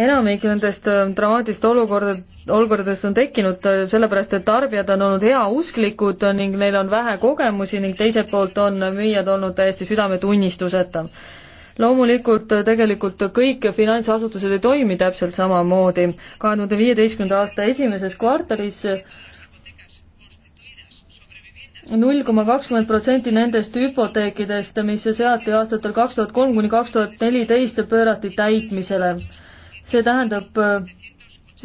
enamik nendest äh, dramatist olukorda, olukordadest on tekkinud äh, sellepärast, et tarbijad on olnud heausklikud äh, ning neil on vähe kogemusi ning teiselt poolt on müüjad olnud täiesti südametunnistuseta. loomulikult tegelikult kõik finantsasutused ei toimi täpselt samamoodi. kahe tuhande viieteistkümnenda aasta esimeses kvartalis null koma kakskümmend protsenti nendest hüpoteekidest, mis seati aastatel kaks tuhat kolm kuni kaks tuhat neliteist, pöörati täitmisele see tähendab äh,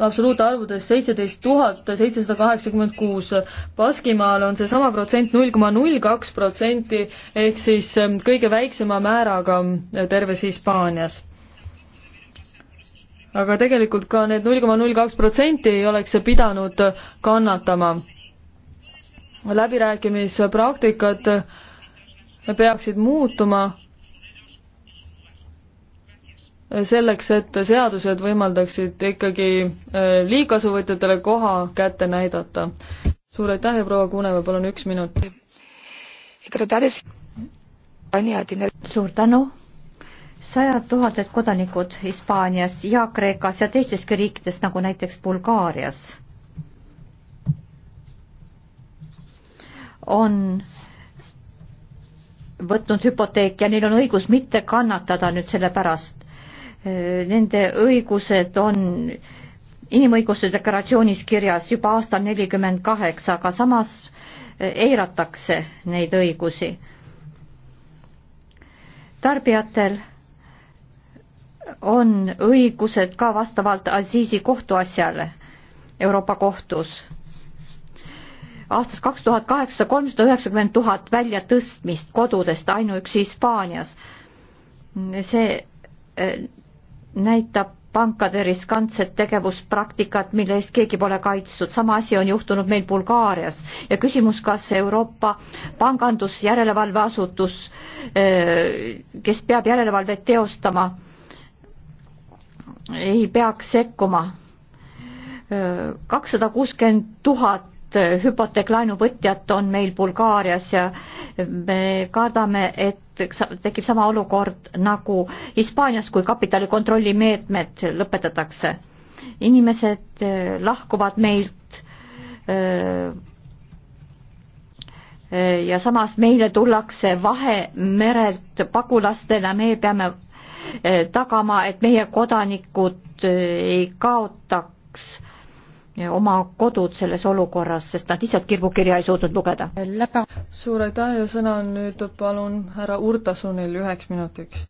absoluutarvudes seitseteist tuhat seitsesada kaheksakümmend kuus. Baskimaal on seesama protsent null koma null kaks protsenti ehk siis äh, kõige väiksema määraga äh, terves Hispaanias. aga tegelikult ka need null koma null kaks protsenti ei oleks pidanud kannatama. läbirääkimispraktikad peaksid muutuma selleks, et seadused võimaldaksid ikkagi äh, liigkasuvõtjatele koha kätte näidata. suur aitäh ja proua Kuneva, palun üks minut. suur tänu. sajad tuhanded kodanikud Hispaanias ja Kreekas ja teisteski riikides, nagu näiteks Bulgaarias, on võtnud hüpoteek ja neil on õigus mitte kannatada nüüd selle pärast nende õigused on inimõiguste deklaratsioonis kirjas juba aastal nelikümmend kaheksa, aga samas eh, eiratakse neid õigusi. tarbijatel on õigused ka vastavalt Aziisi kohtuasjale Euroopa kohtus. aastast kaks tuhat kaheksa kolmsada üheksakümmend tuhat väljatõstmist kodudest ainuüksi Hispaanias. see eh, näitab pankade riskantset tegevuspraktikat, mille eest keegi pole kaitstud. sama asi on juhtunud meil Bulgaarias ja küsimus, kas Euroopa pangandusjärelevalveasutus, eh, kes peab järelevalvet teostama, ei peaks sekkuma. Eh, kakssada kuuskümmend tuhat hüpoteeklaenuvõtjat on meil Bulgaarias ja me kardame, et tekib sama olukord nagu Hispaanias, kui kapitali kontrollimeetmed lõpetatakse. inimesed eh, lahkuvad meilt eh, eh, ja samas meile tullakse Vahemerelt pagulastena, me peame tagama, et meie kodanikud ei kaotaks oma kodud selles olukorras, sest nad lihtsalt kirbukirja ei suutnud lugeda. suur aitäh ja sõna on nüüd palun härra Urtasunil üheks minutiks.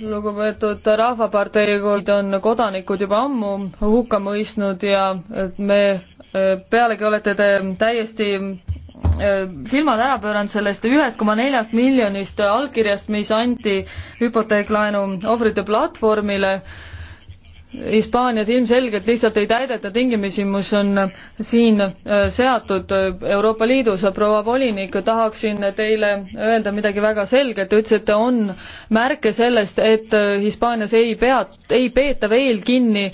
lugupeetud Rahvapartei kord on kodanikud juba ammu hukka mõistnud ja me e, pealegi olete te täiesti e, silmad ära pööranud sellest ühest koma neljast miljonist allkirjast, mis anti hüpoteeklaenu ohvrite platvormile Hispaanias ilmselgelt lihtsalt ei täideta tingimusi, mis on äh, siin äh, seatud äh, Euroopa Liidus. proua volinik, tahaksin teile öelda midagi väga selget. Te ütlesite, on märke sellest, et Hispaanias ei pea, ei peeta veel kinni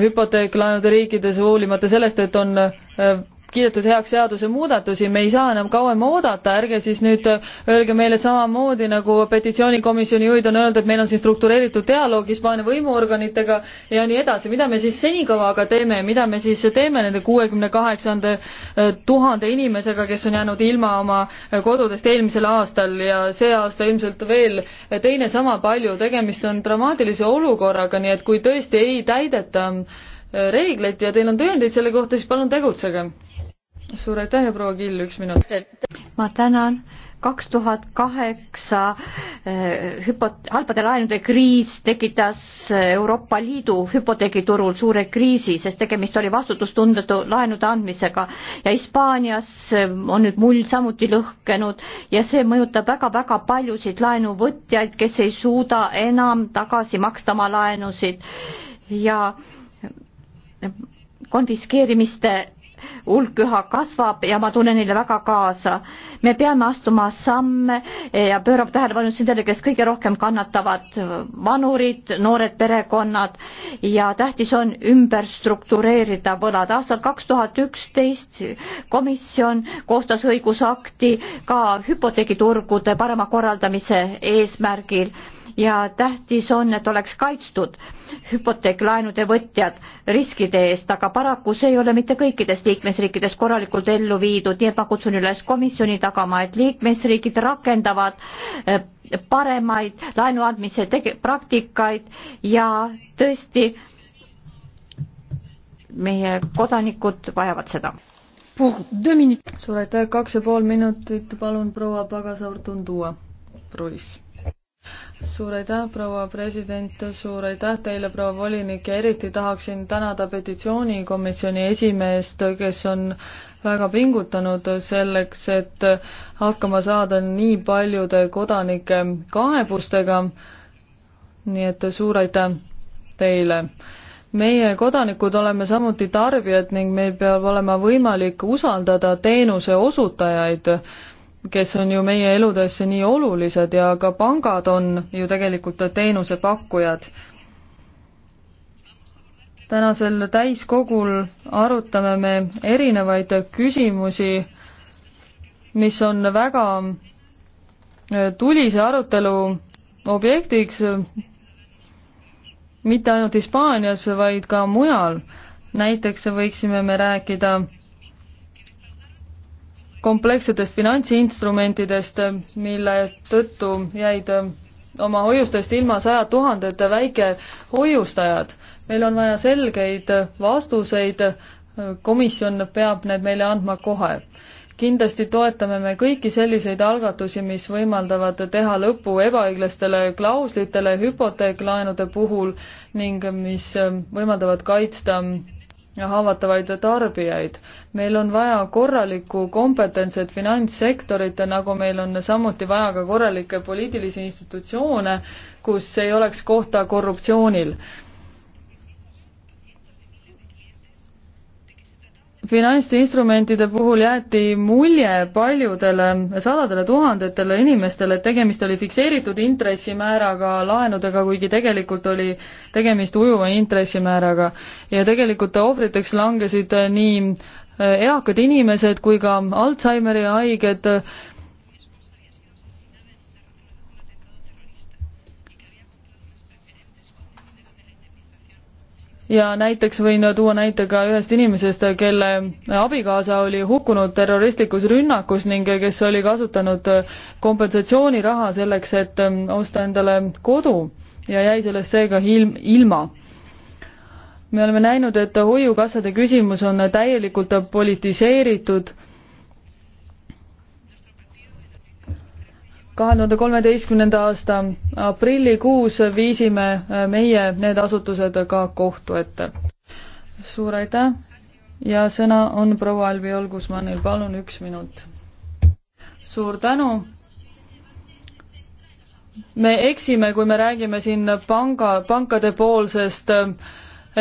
hüpoteeklaenude riikides, hoolimata sellest, et on kiidetud heaks seadusemuudatusi, me ei saa enam kauem oodata, ärge siis nüüd äh, öelge meile samamoodi, nagu petitsioonikomisjoni juhid on öelnud, et meil on siin struktureeritud dialoog Hispaania võimuorganitega ja nii edasi, mida me siis senikavaga teeme, mida me siis teeme nende kuuekümne kaheksanda äh, tuhande inimesega, kes on jäänud ilma oma äh, kodudest eelmisel aastal ja see aasta ilmselt veel teine sama palju, tegemist on dramaatilise olukorraga, nii et kui tõesti ei täideta reegleid ja teil on tõendeid selle kohta, siis palun tegutsege suur aitäh ja proua Kill, üks minut. ma tänan. kaks tuhat kaheksa eh, hüpot-, halbade laenude kriis tekitas eh, Euroopa Liidu hüpoteegiturul suure kriisi, sest tegemist oli vastutustundetu laenude andmisega ja Hispaanias eh, on nüüd mull samuti lõhkenud ja see mõjutab väga-väga paljusid laenuvõtjaid, kes ei suuda enam tagasi maksta oma laenusid ja konfiskeerimiste hulk üha kasvab ja ma tunnen neile väga kaasa. me peame astuma samme ja pöörama tähelepanu nendele, kes kõige rohkem kannatavad, vanurid, noored perekonnad ja tähtis on ümber struktureerida võlad. aastal kaks tuhat üksteist komisjon koostas õigusakti ka hüpoteegiturgude parema korraldamise eesmärgil ja tähtis on, et oleks kaitstud hüpoteeklaenude võtjad riskide eest, aga paraku see ei ole mitte kõikides liikmesriikides korralikult ellu viidud, nii et ma kutsun üles komisjoni tagama, et liikmesriigid rakendavad eh, paremaid laenu andmise tege-, praktikaid ja tõesti meie kodanikud vajavad seda. suur aitäh, kaks ja pool minutit, palun proua Pagasaur Tundua, Ruiz suur aitäh, proua president, suur aitäh teile, proua volinik ja eriti tahaksin tänada petitsioonikomisjoni esimeest, kes on väga pingutanud selleks, et hakkama saada nii paljude kodanike kaebustega. nii et suur aitäh teile meie kodanikud oleme samuti tarbijad ning meil peab olema võimalik usaldada teenuse osutajaid kes on ju meie eludesse nii olulised ja ka pangad on ju tegelikult teenusepakkujad. tänasel täiskogul arutame me erinevaid küsimusi, mis on väga äh, tulise arutelu objektiks mitte ainult Hispaanias, vaid ka mujal. näiteks võiksime me rääkida komplekssetest finantsinstrumentidest, mille tõttu jäid oma hoiustest ilma sajad tuhanded väikehoiustajad. meil on vaja selgeid vastuseid, komisjon peab need meile andma kohe. kindlasti toetame me kõiki selliseid algatusi, mis võimaldavad teha lõpu ebaõiglastele klauslitele hüpoteeklaenude puhul ning mis võimaldavad kaitsta haavatavaid tarbijaid. meil on vaja korralikku kompetentset finantssektorit ja nagu meil on samuti vaja ka korralikke poliitilisi institutsioone, kus ei oleks kohta korruptsioonil finantsinstrumentide puhul jäeti mulje paljudele, sadadele tuhandetele inimestele, et tegemist oli fikseeritud intressimääraga laenudega, kuigi tegelikult oli tegemist ujuva intressimääraga. ja tegelikult ohvriteks langesid nii eh, eakad inimesed kui ka Alžeimeri haiged, ja näiteks võin tuua näite ka ühest inimesest, kelle abikaasa oli hukkunud terroristlikus rünnakus ning kes oli kasutanud kompensatsiooniraha selleks, et osta endale kodu ja jäi sellest seega ilm, ilma. me oleme näinud, et hoiukassade küsimus on täielikult politiseeritud kahe tuhande kolmeteistkümnenda aasta aprillikuus viisime äh, meie need asutused ka kohtu ette. suur aitäh ja sõna on proua Albiol Guzmanil, palun üks minut. suur tänu. me eksime, kui me räägime siin panga, pankade poolsest äh,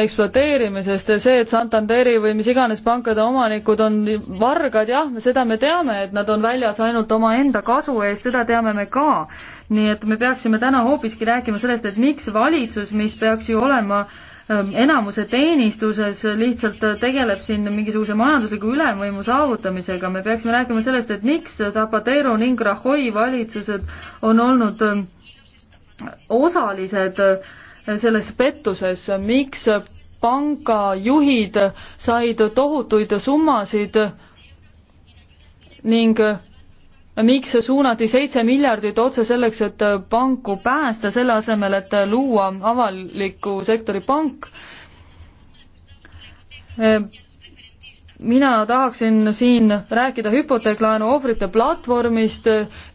ekspluateerimisest ja see, et Santanderi või mis iganes pankade omanikud on vargad, jah, seda me teame, et nad on väljas ainult omaenda kasu eest, seda teame me ka. nii et me peaksime täna hoopiski rääkima sellest, et miks valitsus, mis peaks ju olema ähm, enamuse teenistuses lihtsalt äh, tegeleb siin mingisuguse majandusliku ülemvõimu saavutamisega, me peaksime rääkima sellest, et miks Zapatero ning Rahoi valitsused on olnud ähm, osalised äh, selles pettuses, miks pangajuhid said tohutuid summasid ning miks suunati seitse miljardit otse selleks, et panku päästa, selle asemel, et luua avaliku sektori pank mina tahaksin siin rääkida hüpoteeklaenu ohvrite platvormist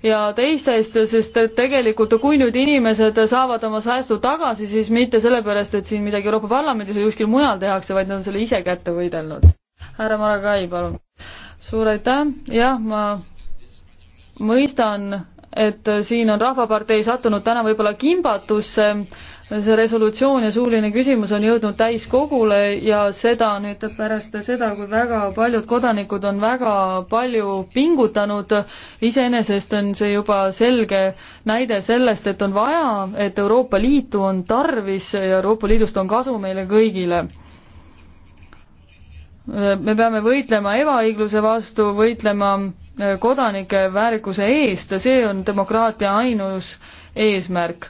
ja teistest, sest et tegelikult kui nüüd inimesed saavad oma säästu tagasi, siis mitte sellepärast, et siin midagi Euroopa Parlamendis või kuskil mujal tehakse, vaid nad on selle ise kätte võidelnud. härra Maragai, palun. suur aitäh, jah, ma mõistan et siin on Rahvapartei sattunud täna võib-olla kimbatusse, see resolutsioon ja suuline küsimus on jõudnud täiskogule ja seda nüüd pärast seda, kui väga paljud kodanikud on väga palju pingutanud, iseenesest on see juba selge näide sellest, et on vaja, et Euroopa Liitu on tarvis ja Euroopa Liidust on kasu meile kõigile me peame võitlema ebaõigluse vastu, võitlema kodanike väärikuse eest, see on demokraatia ainus eesmärk.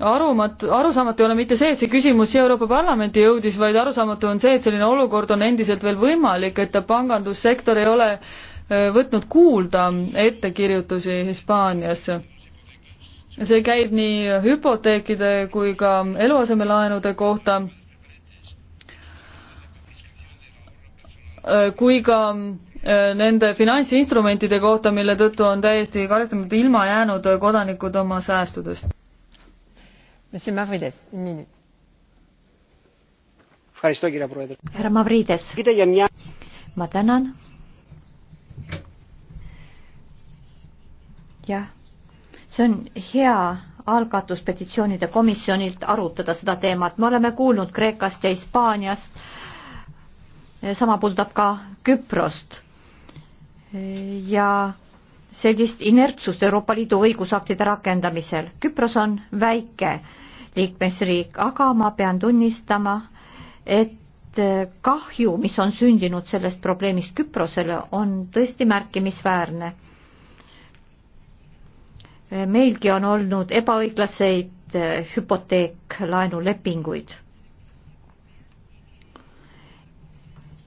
arumat-, arusaamatu ei ole mitte see, et see küsimus siia Euroopa Parlamenti jõudis, vaid arusaamatu on see, et selline olukord on endiselt veel võimalik, et pangandussektor ei ole äh, võtnud kuulda ettekirjutusi Hispaanias. see käib nii hüpoteekide kui ka eluasemelaenude kohta, äh, kui ka Äh, nende finantsinstrumentide kohta, mille tõttu on täiesti karistamata ilma jäänud kodanikud oma säästudest. härra Mavrides, ma tänan. jah, see on hea algatus petitsioonide komisjonilt arutada seda teemat, me oleme kuulnud Kreekast ja Hispaaniast, sama puudutab ka Küprost ja sellist inertsust Euroopa Liidu õigusaktide rakendamisel. Küpros on väike liikmesriik, aga ma pean tunnistama, et kahju, mis on sündinud sellest probleemist Küprosele, on tõesti märkimisväärne. meilgi on olnud ebaõiglaseid eh, hüpoteeklaenulepinguid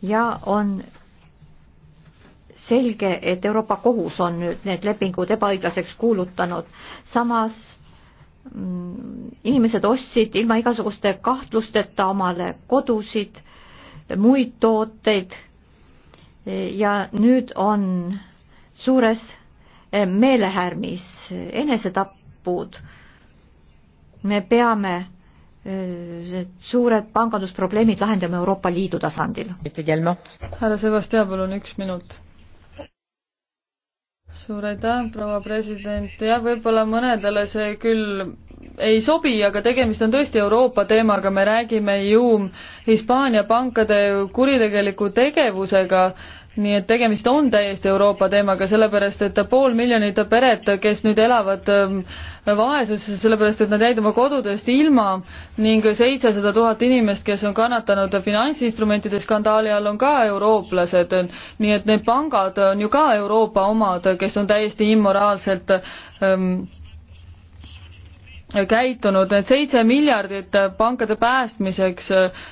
ja on selge, et Euroopa Kohus on nüüd need lepingud ebaõiglaseks kuulutanud. samas mm, inimesed ostsid ilma igasuguste kahtlusteta omale kodusid, muid tooteid ja nüüd on suures eh, meelehärmis enesetapud. me peame eh, suured pangandusprobleemid lahendame Euroopa Liidu tasandil. härra Sebastian, palun üks minut suur aitäh, proua president, jah, võib-olla mõnedele see küll ei sobi, aga tegemist on tõesti Euroopa teemaga, me räägime ju Hispaania pankade kuritegeliku tegevusega nii et tegemist on täiesti Euroopa teemaga, sellepärast et pool miljonit peret, kes nüüd elavad ähm, vaesuses, sellepärast et nad jäid oma kodudest ilma ning seitsesada tuhat inimest, kes on kannatanud finantsinstrumentide skandaali all, on ka eurooplased. nii et need pangad on ju ka Euroopa omad, kes on täiesti immoraalselt ähm, käitunud, need seitse miljardit pankade päästmiseks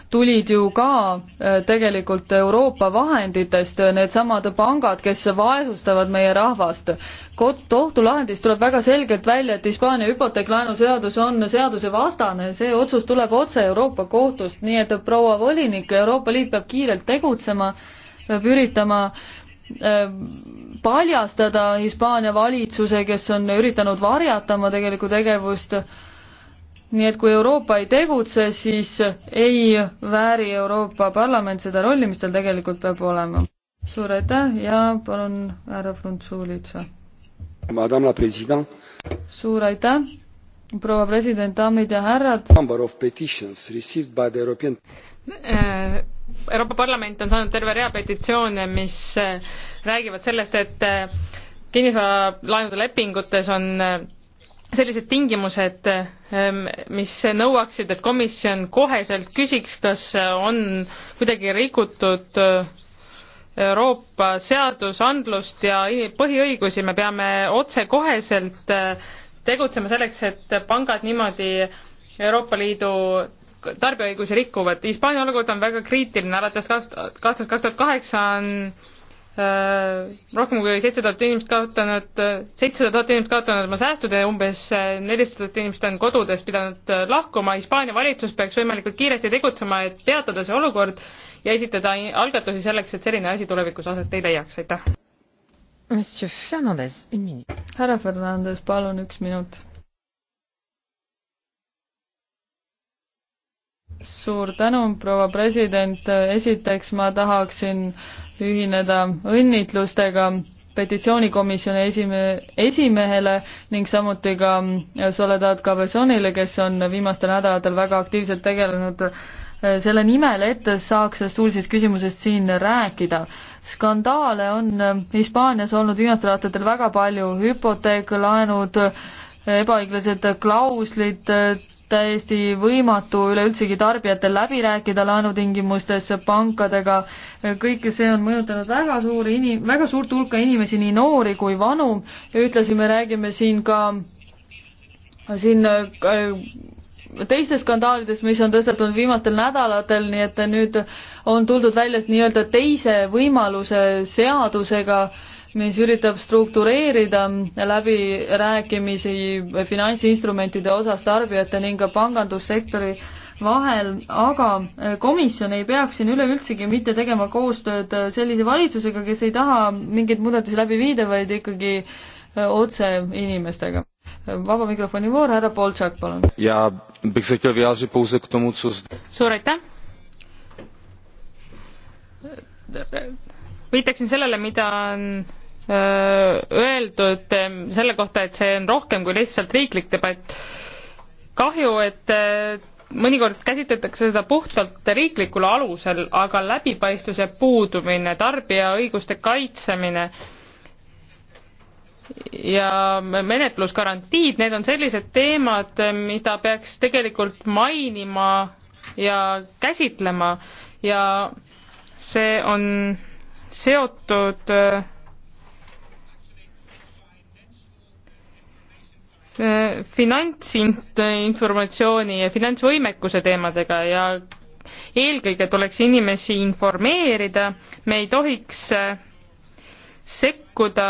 tulid ju ka äh, tegelikult Euroopa vahenditest, needsamad pangad, kes vaesustavad meie rahvast. kohtulahendis tuleb väga selgelt välja, et Hispaania hüpoteeklaenuseadus on seadusevastane, see otsus tuleb otse Euroopa kohtust, nii et proua volinik, Euroopa Liit peab kiirelt tegutsema, peab üritama äh, Äh, paljastada Hispaania valitsuse, kes on üritanud varjata oma tegelikku tegevust. nii et kui Euroopa ei tegutse, siis ei vääri Euroopa Parlament seda rolli, mis tal tegelikult peab olema. suur aitäh ja palun härra Frunzulitsa. suur aitäh, proua president, daamid ja härrad. Äh, Euroopa Parlament on saanud terve rea petitsioone, mis äh, räägivad sellest, et äh, kinnisvaralaenude lepingutes on sellised tingimused, ähm, mis nõuaksid, et komisjon koheselt küsiks, kas on kuidagi rikutud Euroopa seadusandlust ja põhiõigusi, me peame otsekoheselt tegutsema selleks, et pangad niimoodi Euroopa Liidu tarbijaõigusi rikuvad. Hispaania olukord on väga kriitiline, alates kaks, aastast kaks tuhat kaheksa on äh, rohkem kui seitse tuhat inimest kaotanud, seitsesada tuhat inimest kaotanud oma säästud ja umbes äh, nelisada tuhat inimest on kodudest pidanud äh, lahkuma. Hispaania valitsus peaks võimalikult kiiresti tegutsema, et peatada see olukord ja esitada algatusi selleks, et selline asi tulevikus aset ei leiaks. aitäh! härra Fernandes, palun üks minut suur tänu, proua president, esiteks ma tahaksin ühineda õnnitlustega petitsioonikomisjoni esime-, esimehele ning samuti ka Soledad Cabezonile, kes on viimastel nädalatel väga aktiivselt tegelenud eh, selle nimel, et saaks sellest suulisest küsimusest siin rääkida. skandaale on eh, Hispaanias olnud viimastel aastatel väga palju, hüpoteeklaenud, eh, ebaõiglased klauslid, täiesti võimatu üleüldsegi tarbijatel läbi rääkida laenutingimustes pankadega. kõik see on mõjutanud väga suuri inim-, väga suurt hulka inimesi, nii noori kui vanu ja ühtlasi me räägime siin ka siin äh, teistes skandaalides, mis on tõstatunud viimastel nädalatel, nii et nüüd on tuldud välja nii-öelda teise võimaluse seadusega äh, mis üritab struktureerida läbirääkimisi finantsinstrumentide osas tarbijate ning ka pangandussektori vahel, aga komisjon ei peaks siin üleüldsegi mitte tegema koostööd sellise valitsusega, kes ei taha mingeid muudatusi läbi viida, vaid ikkagi äh, otse inimestega. vaba mikrofoni voor, härra Poltšak, palun. ja suur aitäh! viitaksin sellele, mida on öeldud ehm, selle kohta, et see on rohkem kui lihtsalt riiklik debatt. kahju, et ehm, mõnikord käsitletakse seda puhtalt riiklikul alusel, aga läbipaistvuse puudumine, tarbija õiguste kaitsemine ja menetlusgarantiid, need on sellised teemad, mida peaks tegelikult mainima ja käsitlema ja see on seotud äh, finantsinformatsiooni ja finantsvõimekuse teemadega ja eelkõige tuleks inimesi informeerida, me ei tohiks äh, sekkuda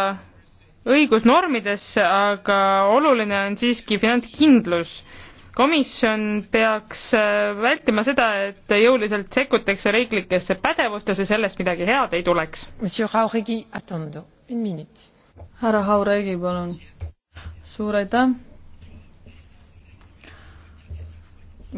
õigusnormidesse, aga oluline on siiski finantskindlus. komisjon peaks äh, vältima seda, et jõuliselt sekkutakse riiklikesse pädevustesse, sellest midagi head ei tuleks. härra Hauregi, palun suur aitäh!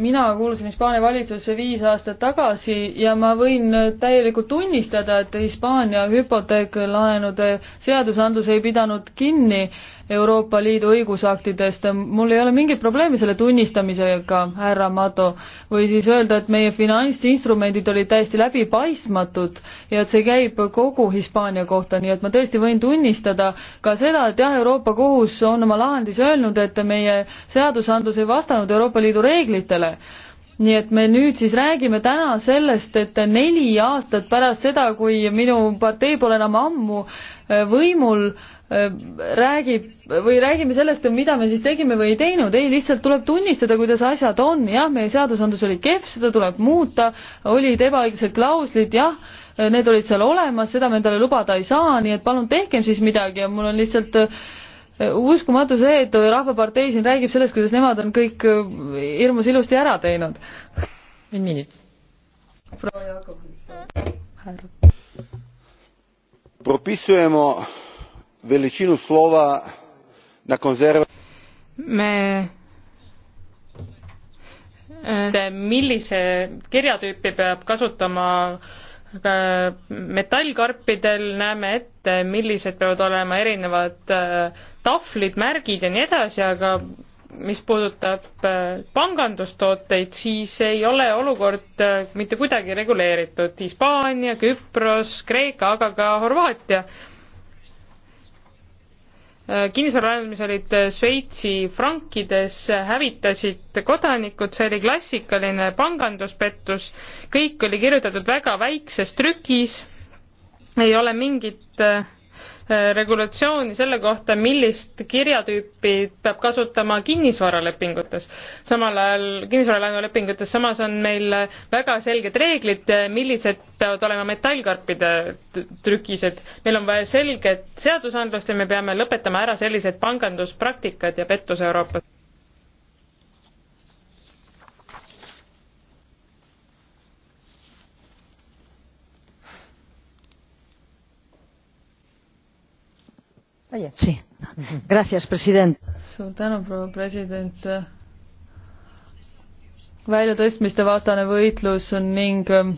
mina kuulusin Hispaania valitsusse viis aastat tagasi ja ma võin täielikult tunnistada, et Hispaania hüpoteeklaenude seadusandlus ei pidanud kinni äh, Euroopa Liidu õigusaktidest, mul ei ole mingit probleemi selle tunnistamisega, härra Mato, või siis öelda, et meie finantsinstrumendid olid täiesti läbipaistmatud ja et see käib kogu Hispaania kohta, nii et ma tõesti võin tunnistada ka seda, et jah, Euroopa Kohus on oma lahendis öelnud, et meie seadusandlus ei vastanud Euroopa Liidu reeglitele nii et me nüüd siis räägime täna sellest, et neli aastat pärast seda, kui minu partei pole enam ammu võimul, räägib või räägime sellest, mida me siis tegime või ei teinud, ei, lihtsalt tuleb tunnistada, kuidas asjad on, jah, meie seadusandlus oli kehv, seda tuleb muuta, olid ebaõiglased klauslid, jah, need olid seal olemas, seda me endale lubada ei saa, nii et palun tehkem siis midagi ja mul on lihtsalt äh, uskumatu see, et Rahvapartei siin räägib sellest, kuidas nemad on kõik äh, hirmus ilusti ära teinud. üks minut. proua Jakob. propisujemo veličinu slova na konzerve me eh, millise kirjatüüpi peab kasutama eh, metallkarpidel, näeme ette, millised peavad olema erinevad eh, tahvlid, märgid ja nii edasi, aga mis puudutab pangandustooteid, siis ei ole olukord mitte kuidagi reguleeritud. Hispaania, Küpros, Kreeka, aga ka Horvaatia Äh, kinnisvaraarendus olid Šveitsi frankides, hävitasid kodanikud, see oli klassikaline panganduspettus, kõik oli kirjutatud väga väikses trükis, ei ole mingit äh, Äh, regulatsiooni selle kohta, millist kirjatüüpi peab kasutama kinnisvaralepingutes. samal ajal, kinnisvaralaenulepingutes, samas on meil väga selged reeglid, äh, millised peavad olema metallkarpide trükised. meil on vaja selget seadusandlust ja me peame lõpetama ära sellised panganduspraktikad ja pettuse Euroopas. suur tänu, proua president. väljatõstmiste vastane võitlus ning ähm,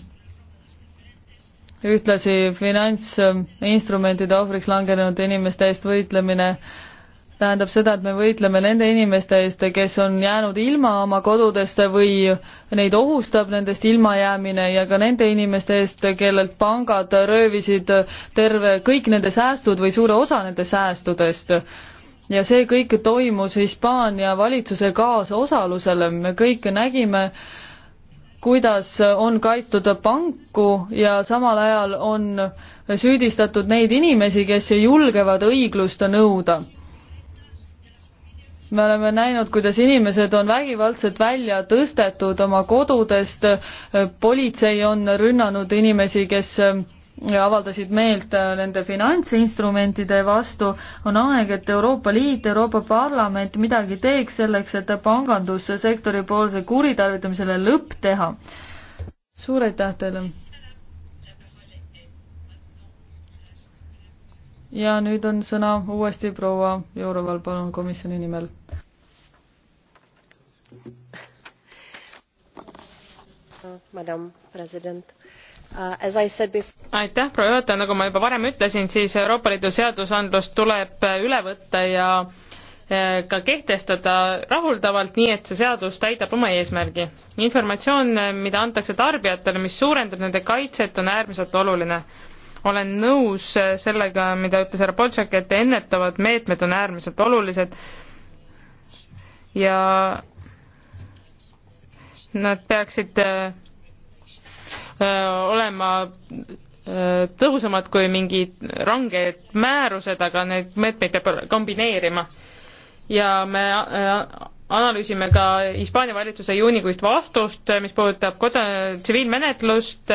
ühtlasi finantsinstrumentide ohvriks langenud inimeste eest võitlemine tähendab seda, et me võitleme nende inimeste eest, kes on jäänud ilma oma kodudest või neid ohustab nendest ilmajäämine ja ka nende inimeste eest, kellelt pangad röövisid terve, kõik nende säästud või suure osa nende säästudest. ja see kõik toimus Hispaania valitsuse kaasosalusel, me kõik nägime, kuidas on kaitstud panku ja samal ajal on süüdistatud neid inimesi, kes julgevad õiglust nõuda me oleme näinud, kuidas inimesed on vägivaldselt välja tõstetud oma kodudest, politsei on rünnanud inimesi, kes äh, avaldasid meelt äh, nende finantsinstrumentide vastu, on aeg, et Euroopa Liit, Euroopa Parlament midagi teeks selleks, et pangandussektori poolse kuritarvitamisele lõpp teha. suur aitäh teile! ja nüüd on sõna uuesti proua Jouroval, palun, komisjoni nimel Uh, uh, aitäh, proua juhataja, nagu ma juba varem ütlesin, siis Euroopa Liidu seadusandlust tuleb äh, üle võtta ja äh, ka kehtestada rahuldavalt, nii et see seadus täidab oma eesmärgi. informatsioon, äh, mida antakse tarbijatele, mis suurendab nende kaitset, on äärmiselt oluline. olen nõus sellega, mida ütles härra Boltšak, et ennetavad meetmed on äärmiselt olulised ja nad peaksid äh, äh, olema äh, tõhusamad kui mingid ranged määrused, aga neid meetmeid peab kombineerima. ja me analüüsime ka Hispaania valitsuse juunikuist vastust, mis puudutab koda-, tsiviilmenetlust,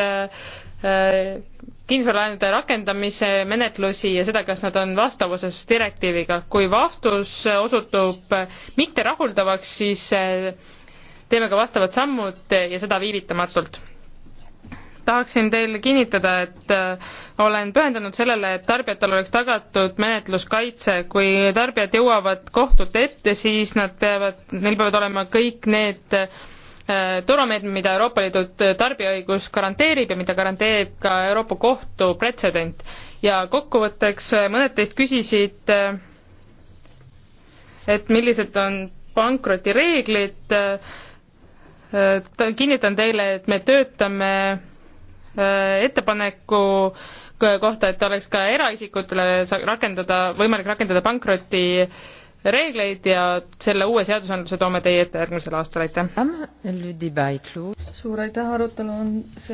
kinnisvaralaenude rakendamise menetlusi ja seda, kas nad on vastavuses direktiiviga. kui vastus osutub mitterahuldavaks, siis teeme ka vastavad sammud ja seda viivitamatult. tahaksin teile kinnitada, et äh, olen pühendunud sellele, et tarbijatel oleks tagatud menetluskaitse, kui tarbijad jõuavad kohtute ette, siis nad peavad, neil peavad olema kõik need äh, turvameetmed, mida Euroopa Liidu tarbijaõigus garanteerib ja mida garanteerib ka Euroopa Kohtu pretsedent. ja kokkuvõtteks äh, mõned teist küsisid, et millised on pankrotireeglid, Äh, kinnitan teile, et me töötame äh, ettepaneku kohta, et oleks ka eraisikutele rakendada, võimalik rakendada pankroti reegleid ja selle uue seadusandluse toome teie ette järgmisel aastal, aitäh! suur aitäh, arutelu on see